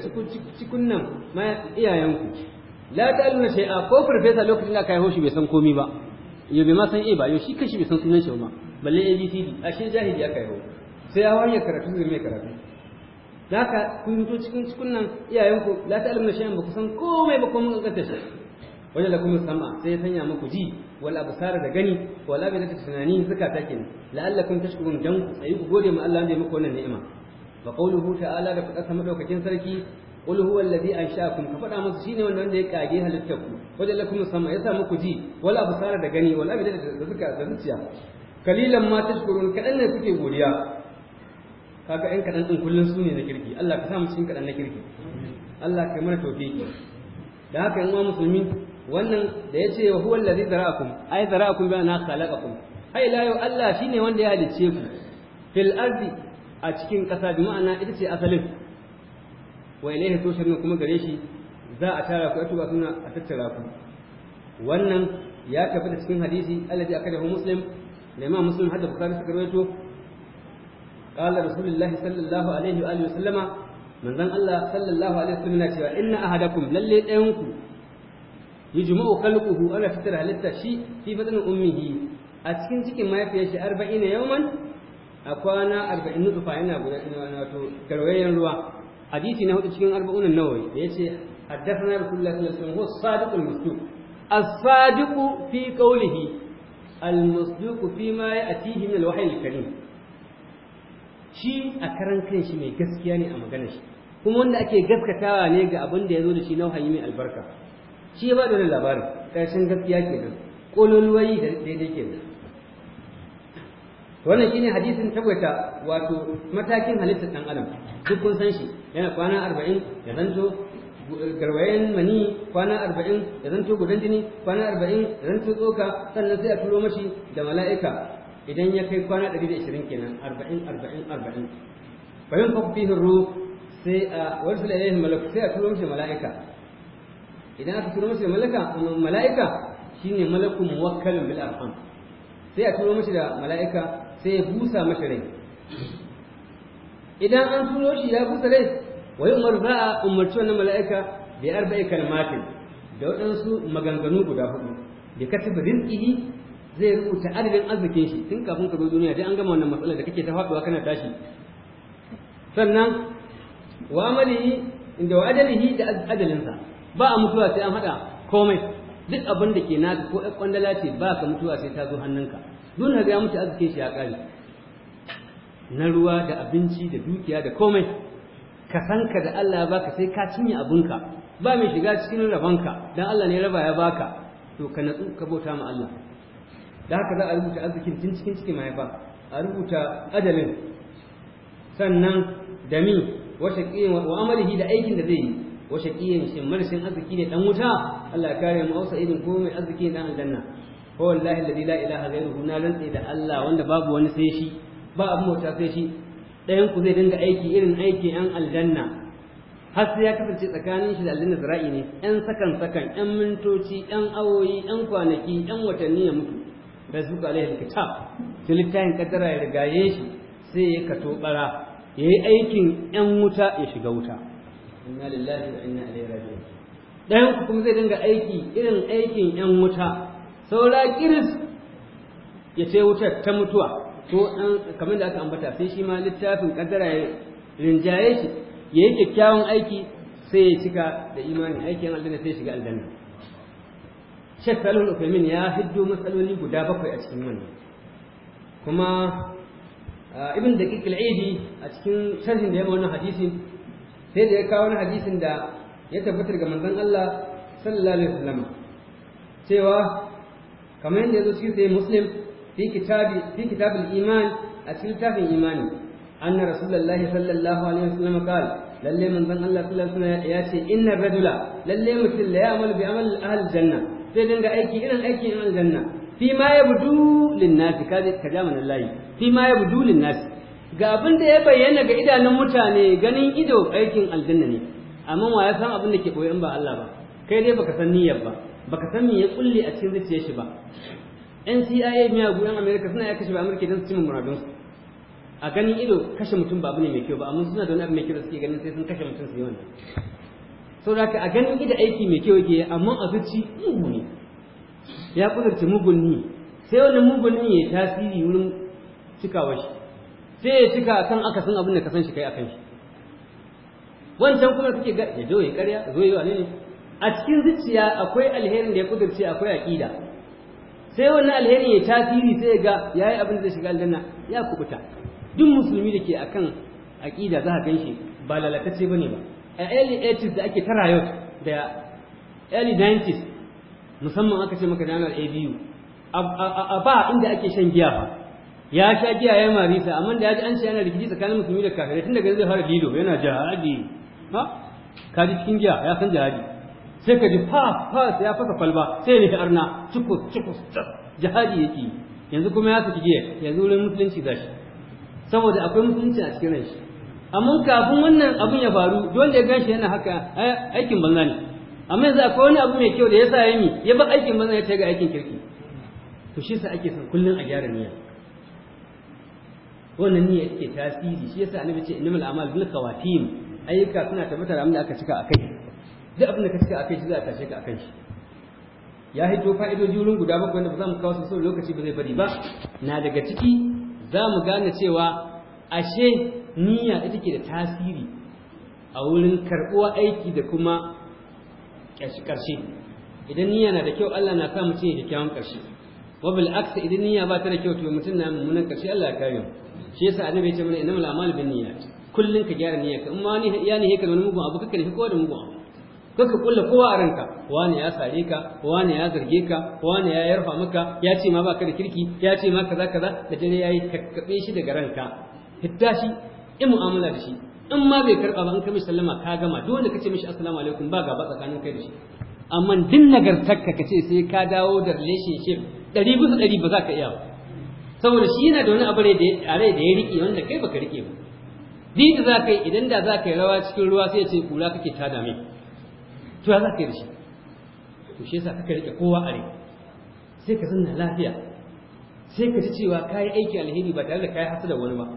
cikin nan iyayenku la ta'aluna shai'a ko farfesa lokacin da haihu shi bai san komi ba yo bai ma san e ba yau shi kashi bai san sunan shi ba balle abcd ashe jahili aka haihu sai ya wani karatu zai mai karatu da ka kun fito cikin cikin nan iyayenku la ta'aluna shai'a ba ku san komai ba mun kankanta shi wajen lakum sama sai ya sanya muku ji wal absar da gani wal abida da tunani zakata kenan la'allakum tashkurun dan ayi ku gode ma Allah da ya muku wannan ni'ima wa qawluhu ta'ala da fadar sama daukakin sarki qul huwa alladhi ansha'akum ka fada musu shine wannan da ya kage halittar ku wajen lakum sama ya sa muku ji wal absar da gani wal abida da suka da zuciya kalilan ma tashkurun kadan ne kuke godiya kaga ɗan kaɗan ɗin kullum su ne na kirki Allah ka sa mu cikin kaɗan na kirki Allah ka yi mana tofiki da haka in uwa musulmi wannan da ya ce wa huwa allazi zara'akum ay zara'akum bi anna khalaqakum hay la yau Allah shine wanda ya halicce ku fil ardi a cikin kasa bi ma'ana ita ce asalin wa ilayhi tushrun kuma gare shi za a tara ku atuba kuma a tattara ku wannan ya tafi da cikin hadisi allazi akadahu muslim da imam muslim hadda bukhari suka rawaito qala rasulullahi sallallahu alaihi wa alihi wasallama manzon Allah sallallahu alaihi wasallam na cewa inna ahadakum lalle ɗayan ku yujma'u khalquhu ana fitar halitta shi fi batnin ummihi a cikin cikin mahaifiyar shi 40 yawman a kwana arba'in 40 nutfa yana guda ina wato garwayen ruwa hadisi na hudu cikin arba'unan nawawi da yace haddathana rasulullahi sallallahu alaihi wasallam huwa sadiqul masduq as-sadiqu fi qawlihi al-masduq fi ma ya'tihi min al-wahyi al-karim shi a karan kanshi mai gaskiya ne a maganar shi kuma wanda ake gaskatawa ne ga abin da ya zo da shi na wahayi mai albarka shi ya ba da labarin ƙarshen gaskiya ke nan kololuwayi da daidai ke nan wannan shine hadisin tabbata wato matakin halittar ɗan adam duk kun san shi yana kwana arba'in ya zanto garwayen mani kwana arba'in ya zanto gudan jini kwana arba'in ya zanto tsoka sannan sai a turo mashi da mala'ika idan ya kai kwana ɗari da ashirin kenan arba'in arba'in arba'in bayan fa fihi ruh sai a warsala ilayhi malak sai a turo mashi mala'ika idan aka turo masa malaka mala'ika shine malakun muwakkalun bil arham sai a turo masa da mala'ika sai ya busa masa rai idan an turo shi ya busa rai wa umar za a umarci wannan mala'ika bi arba'i kalmatin da waɗansu maganganu guda hudu bi katiba rizqihi zai rubuta adadin arzikin shi tun kafin ka zo duniya dai an gama wannan matsalar da kake ta faɗuwa kana tashi sannan wa amalihi inda wa ajalihi da ajalinsa ba a mutuwa sai an haɗa komai duk abin da ke naka ko ƙwandala ce ba ka mutuwa sai ta zo hannunka don ga ya mutu arziki shi ya ƙari. na ruwa da abinci da dukiya da komai ka san ka da Allah ya baka sai ka cinye abinka ba mai shiga cikin rabanka dan Allah ne raba ya baka to ka natsu ka bauta ma Allah da haka za a rubuta arzikin tun cikin mai mahaifa a rubuta ajalin sannan da mi wa wa amalihi da aikin da zai yi wace shaqiyin shin marasin arziki ne dan wuta Allah ya kare mu ausa irin komai arziki dan aljanna ko wallahi alladhi la ilaha ghairuhu na rantsi da Allah wanda babu wani sai shi ba abin mota sai shi ɗayan ku zai dinga aiki irin aiki yan aljanna har sai ya kasance tsakanin shi da aljanna zira'i ne yan sakan sakan yan mintoci yan awoyi yan kwanaki yan watanni ya mutu Da rasbuk alaihi kitab ta littafin kaddara ya rigaye shi sai ya kato bara ya yi aikin ‘yan wuta ya shiga wuta inna lillahi wa inna ilaihi raji'un dan ku kuma zai dinga aiki irin aikin yan wuta saura kiris ya ce wutar ta mutuwa ko kamar da aka ambata sai shi ma littafin kaddara ya rinjaye shi ya yi kyakkyawan aiki sai ya cika da imani aikin aljanna sai shiga aljanna Sheikh Salih ya hiddo matsaloli guda bakwai a cikin wannan kuma Ibn da al a cikin sharhin da ya wannan hadisin sai da ya kawo wani hadisin da ya tabbatar ga manzon Allah sallallahu alaihi wasallam cewa kamar yadda yazo cikin sai muslim fi kitabi fi kitabul iman a cikin tafin imani anna rasulullahi sallallahu alaihi wasallam qala lalle manzon Allah sallallahu alaihi wasallam ya ce inna rajula lalle mutum la ya'malu bi amal ahl janna zai dinga aiki irin aikin ahl janna fi ma yabdu lin nasi kaje ka ja mana layi fi ma yabdu lin nasi ga abin da ya bayyana ga idanun mutane ganin ido aikin aljanna ne amma wa ya san abin da ke in ba Allah ba kai dai baka san niyyar ba baka san me ya kulle a cikin zuciyar shi ba NCIA miyagu yan America suna ya kashe ba America don su cimma muradun su a ganin ido kashe mutum ba abu ne mai kyau ba amma suna da wani abu mai kyau da suke ganin sai sun kashe mutum su yi wannan saboda a ganin ido aiki mai kyau yake amma a zuci mugu ne ya kudurce mugun ni sai wani mugun ni ya tasiri wurin cikawa shi sai ya cika kan aka san abin da ka san shi kai kan shi wancan kuma kake ga ya zo ya karya zo ya ne a cikin zuciya akwai alherin da ya kudurce akwai aqida sai wannan alherin ya tasiri sai ya ga yayi abin da shiga aljanna ya kubuta duk musulmi da ke akan aqida za ka ganshi ba lalatacce bane ba a early 80s da ake ta rayuwa da early 90s musamman aka ce maka da ABU a ba inda ake shan giya ba. ya sha giya ya marisa amma da ya ji an ce yana rikici tsakanin musulmi da kafirai tun daga zai fara lilo yana jihadi ha ka ji cikin giya ya san jihadi sai ka ji fa fa ya fasa kwalba sai ne arna cikus cikus jihadi yake yanzu kuma ya saki giya yanzu wurin musulunci za shi saboda akwai musulunci a cikin ranshi amma kafin wannan abun ya faru dole ya ganshi yana haka aikin banza ne amma yanzu akwai wani abu mai kyau da ya sa ya mi ya ba aikin banza ya ce ga aikin kirki to shi sa ake son kullum a gyara niyya wannan niyya ke tasiri shi yasa annabi ce innamal a'malu bil khawatim ayyuka suna tabbatar abin da aka cika akai duk abin da ka cika akai shi za ka tashi ka akai shi ya hito fa'idoji wurin guda bakwai wanda ba za mu kawo su sau lokaci ba zai bari ba na daga ciki za mu gane cewa ashe niyya ita ke da tasiri a wurin karɓuwa aiki da kuma ƙarshe idan niyya na da kyau Allah na sa mutum ya kyakkyawan ƙarshe wabil aksa idan niyya ba ta da kyau to mutum na mummunan ƙarshe Allah ya kare mu shi yasa annabi ya ce mana innamal a'malu niyyat kullun ka gyara niyyarka in ma ni ya ni ka wani mugun abu kaka nufi kowa da mugun abu kaka kulla kowa a ranka wani ya sare ka wani ya zarge ka wani ya yarfa maka ya ce ma baka da kirki ya ce ma kaza kaza da dare yayi kakkabe shi daga ranka Hidda shi in mu'amala da shi in ma bai karba ba in ka mishi sallama ka gama dole ka ce mishi assalamu alaikum ba gaba tsakanin kai da shi amma din nagartar ka ce sai ka dawo da relationship ɗari bisa ɗari ba za ka iya ba saboda shi yana da wani abu a da ya riƙe wanda kai baka riƙe ba duk da za ka yi idan da za ka yi rawa cikin ruwa sai ya ce kura kake tada mai to ya za ka yi da shi to shi yasa kaka riƙe kowa a sai ka zanna lafiya sai ka ji cewa ka yi aiki alheri ba tare da ka yi hasu da wani ba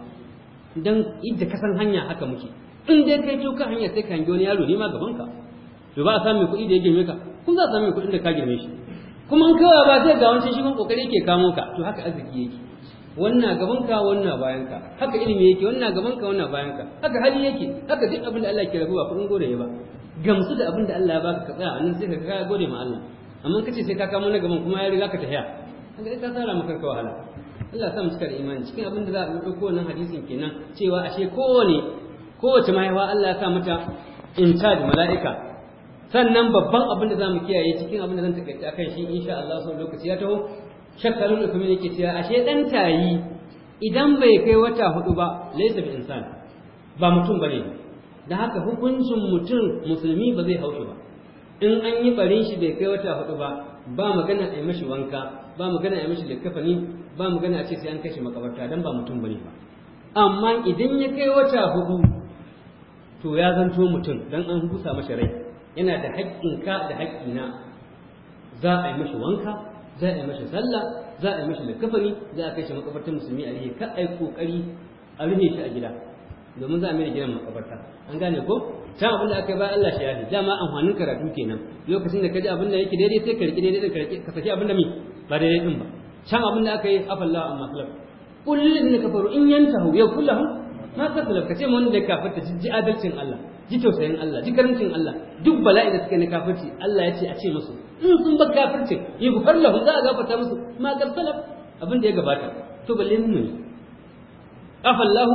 Idan inda ka san hanya haka muke in dai kai to ka hanya sai ka hangi wani yaro ne ma gaban ka to ba a samu kuɗi da ya girme ka kun za a samu kuɗin da ka girme shi kuma in kawai ba sai ga wancan shi kokari yake kamo ka to haka arziki yake wannan gaban ka wannan bayan ka haka ilimi yake wannan gaban ka wannan bayan ka haka hali yake haka duk abin da Allah ke rabu ba kun gode ba gamsu da abin da Allah ya baka ka tsaya annan sai ka ga gode ma Allah amma kace sai ka kama na gaban kuma ya riga ka tafiya kaga ita tsara maka ka wahala Allah sa muskar imani cikin abin da za a dauko wannan hadisin kenan cewa ashe kowane kowace mahaifa Allah ya sa mata in charge mala'ika sannan babban abin da za mu kiyaye cikin abin da zan takaita akan shi insha Allah sau lokaci ya taho da ukumi yake cewa ashe dan tayi idan bai kai wata hudu ba laisa bi insan ba mutum bane da haka hukuncin mutum musulmi ba zai haushi ba in an yi barin shi bai kai wata hudu ba ba magana a yi mashi wanka ba magana a yi mashi ba magana a ce sai an kashe makabarta dan ba mutum bane ba amma idan ya kai wata hudu to ya zanto mutum dan an hukusa mashi rai yana da haƙƙinka da haƙƙina za a yi mashi wanka za a yi mashi sallah za a yi mashi likafani za a kai shi makabartar musulmi a rihe ka a yi kokari a rihe shi a gida domin za a mai gidan makabarta an gane ko can abin da aka yi ba Allah shi yafi dama amfanin karatu kenan lokacin da ka ji abin da yake daidai sai ka rike daidai din ka saki abin da mi ba daidai din ba can abin da aka yi afallahu amma salaf kullu lil ladina kafaru in yantahu ya kullahu ma kasalaf kace mu wanda kafarta ji adalcin Allah ji tausayin Allah ji karamcin Allah duk bala'i da suke ne kafirci Allah ya ce a ce musu in sun ba kafirce yughfar lahum za a gafarta musu ma qad salaf abin da ya gabata to balle mun afallahu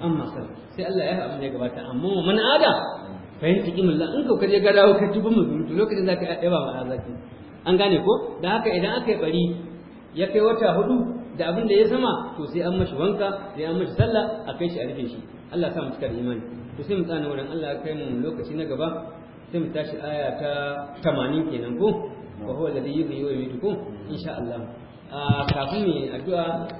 amma salaf sai Allah ya abin da ya gabata amma man ada fa in mulla in ka kaje ga dawo ka tuba mu lokacin zaka yaba ma azaki an gane ko da haka idan aka yi bari ya kai wata hudu da abin da ya sama to sai an mashi wanka sai an mashi sallah a kai shi a rufe shi Allah ya sa mu cika imani to sai mu tsana wurin Allah ya kai mu lokaci na gaba sai mu tashi aya ta tamanin kenan ko wa huwa alladhi yuhyi wa yumiitu insha Allah a kafin mu addu'a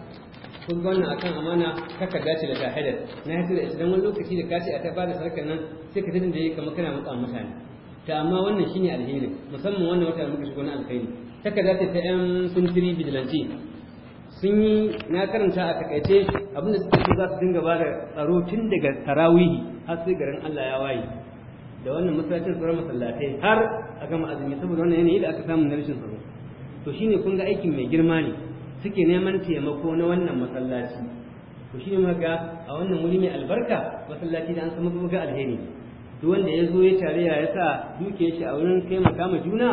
kun wannan akan amana kaka ce da shahidar na hadu da idan wani lokaci da kashi a ta bada sarkar nan sai ka tadin da yake kamar kana mutsa mutane ta amma wannan shine alheri musamman wannan wata da muka shigo na alkhairi ka ce ta yan suntiri vigilante sun yi na karanta a takaice abinda suka ce za su dinga ba da tsaro tun daga tarawihi har sai garin Allah ya waye da wannan masallacin tsoron masallatai har a gama azumi saboda wannan yanayi da aka samu na rashin tsoro. to shine kun ga aikin mai girma ne suke neman taimako na wannan masallaci to shine muka a wannan wuri mai albarka masallaci da an samu buga alheri duk wanda ya zo ya tare ya sa duke shi a wurin taimaka ma juna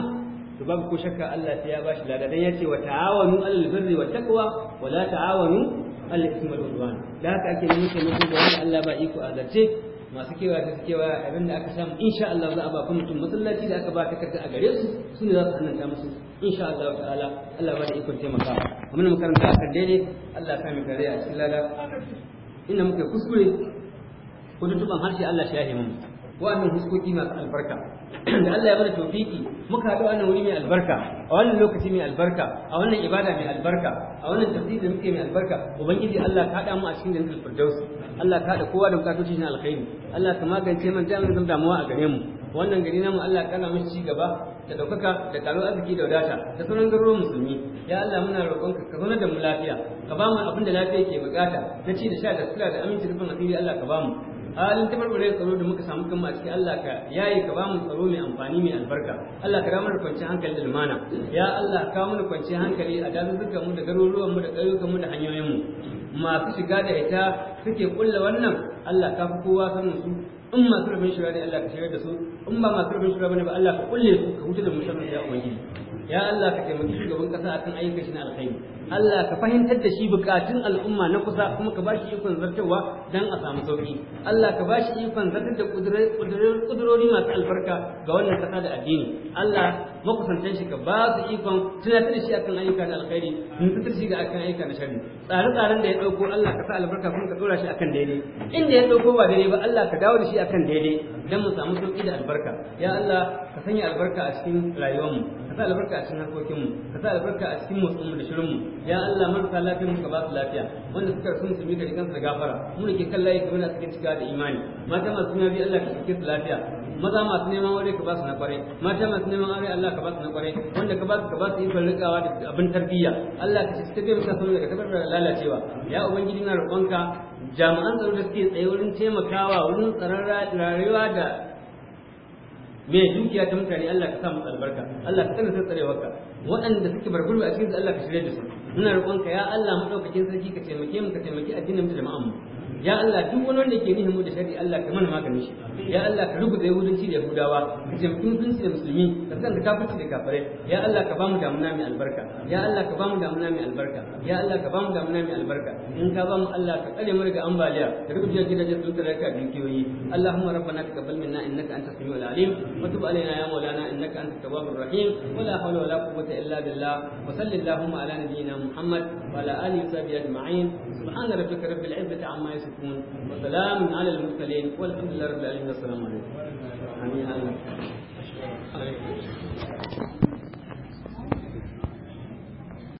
to babu ko shakka Allah sai ya bashi lada dan yace wa ta'awanu alal birri wa taqwa wa la ta'awanu alal ismi wal udwan da haka ake neman taimako ga Allah ba iko azarce masu kewa da kewa abin da aka samu insha Allah za a ba mutum masallaci da aka ba karta a gare su su ne za su hannanta musu insha Allah ta'ala Allah ba da ikon taimakawa amma na makaranta akan daidai Allah ya kame kare a cikin lada inda muke kuskure ko tuban harshe Allah shi ya mu wa'annan huskoki masu albarka da Allah ya mana tofiki muka haɗu wannan wuri mai albarka a wannan lokaci mai albarka a wannan ibada mai albarka a wannan tasiri da muke mai albarka ubangiji Allah ka haɗa mu a cikin jannatul firdaus Allah ka haɗa kowa da bukatoci na alkhairi Allah ka magance man jami'in damuwa a gare mu wannan gari namu Allah ya kara mashi gaba da daukaka da karo arziki da wadata da sauran garuruwan musulmi ya Allah muna roƙonka ka zauna da mu lafiya ka ba mu abin da lafiya ke bukata na ci da sha da sura da aminci rufin asiri Allah ka ba mu halin bare tsaro da muka samu kanmu a cikin Allah ka yayi ka bamu tsaro mai amfani mai albarka Allah ka da kwanci hankali da lumana ya Allah ka mana kwanci hankali a dazuzzukan mu da garuruwan mu da ƙauyukan mu da hanyoyin mu masu shiga da ita suke kulla wannan Allah ka fi kowa sanin su in masu rubin shirya ne Allah ka shirya da su in ba masu rubin shirya ne ba Allah ka kulle su ka hutu da musharrin ya ubangiji ya Allah ka taimaki shugaban kasa akan ayyukan shi na alkhairi Allah ka fahimtar da shi bukatun al'umma na kusa kuma ka bashi ikon zartarwa don a samu sauki Allah ka bashi ikon zartar da kudurori masu albarka ga wannan kasa da addini Allah makusantan shi ka ba su ikon tunatar da shi akan ayyuka na alkhairi tunatar shi ga akan ayyuka na shari. tsare-tsaren da ya dauko Allah ka sa albarka kuma ka dora shi akan daidai inda ya dauko ba daidai ba Allah ka dawo da shi akan daidai dan mu samu sauki da albarka ya Allah ka sanya albarka a cikin rayuwarmu ka sa albarka a cikin mu ka sa albarka a cikin motsinmu da mu ya Allah marasa lafiyar mu ka ba su lafiya wanda suka su musulmi ka kansu da gafara mu da ke kallaye layi ka muna cikin cika da imani mata masu juna Allah ka sake su lafiya maza masu neman aure ka ba su na kware mata masu neman aure Allah ka ba su na kware wanda ka ba su ka ba su ikon rikawa da abin tarbiyya Allah ka ci tabe da sun daga da lalacewa ya ubangiji na roƙonka jami'an tsaro da suke tsaye wurin taimakawa wurin tsaron rayuwa da mai dukiya ta mutane Allah ka sa musu albarka Allah ka tsare tsarewarka waɗanda suke bargurbi a cikin Allah ka shirya da su ina roƙonka ya Allah madaukakin sarki ka taimake mu ka taimaki addinin mu da jama'an mu ya Allah duk wani wanda ke nihin da shari'a Allah ka mana maganin shi ya Allah ka rubuta yahudanci da yahudawa ka jamkin da musulmi ka san da kafirci da kafirai ya Allah ka bamu damuna mai albarka ya Allah ka bamu damuna mai albarka ya Allah ka bamu damuna mai albarka in ka bamu Allah ka tsare mu daga ambaliya da gidajen sun tsare ka dukiyoyi Allahumma rabbana taqabbal minna innaka antas samiul alim wa tub alaina ya maulana innaka antat tawwabur rahim wa la hawla wa la quwwata illa billah wa sallallahu ala nabiyyina muhammad wa ala alihi wa sahbihi ajma'in subhana rabbika rabbil izzati amma yasifun يصفون وسلام على المرسلين والحمد لله رب العالمين والسلام عليكم آمين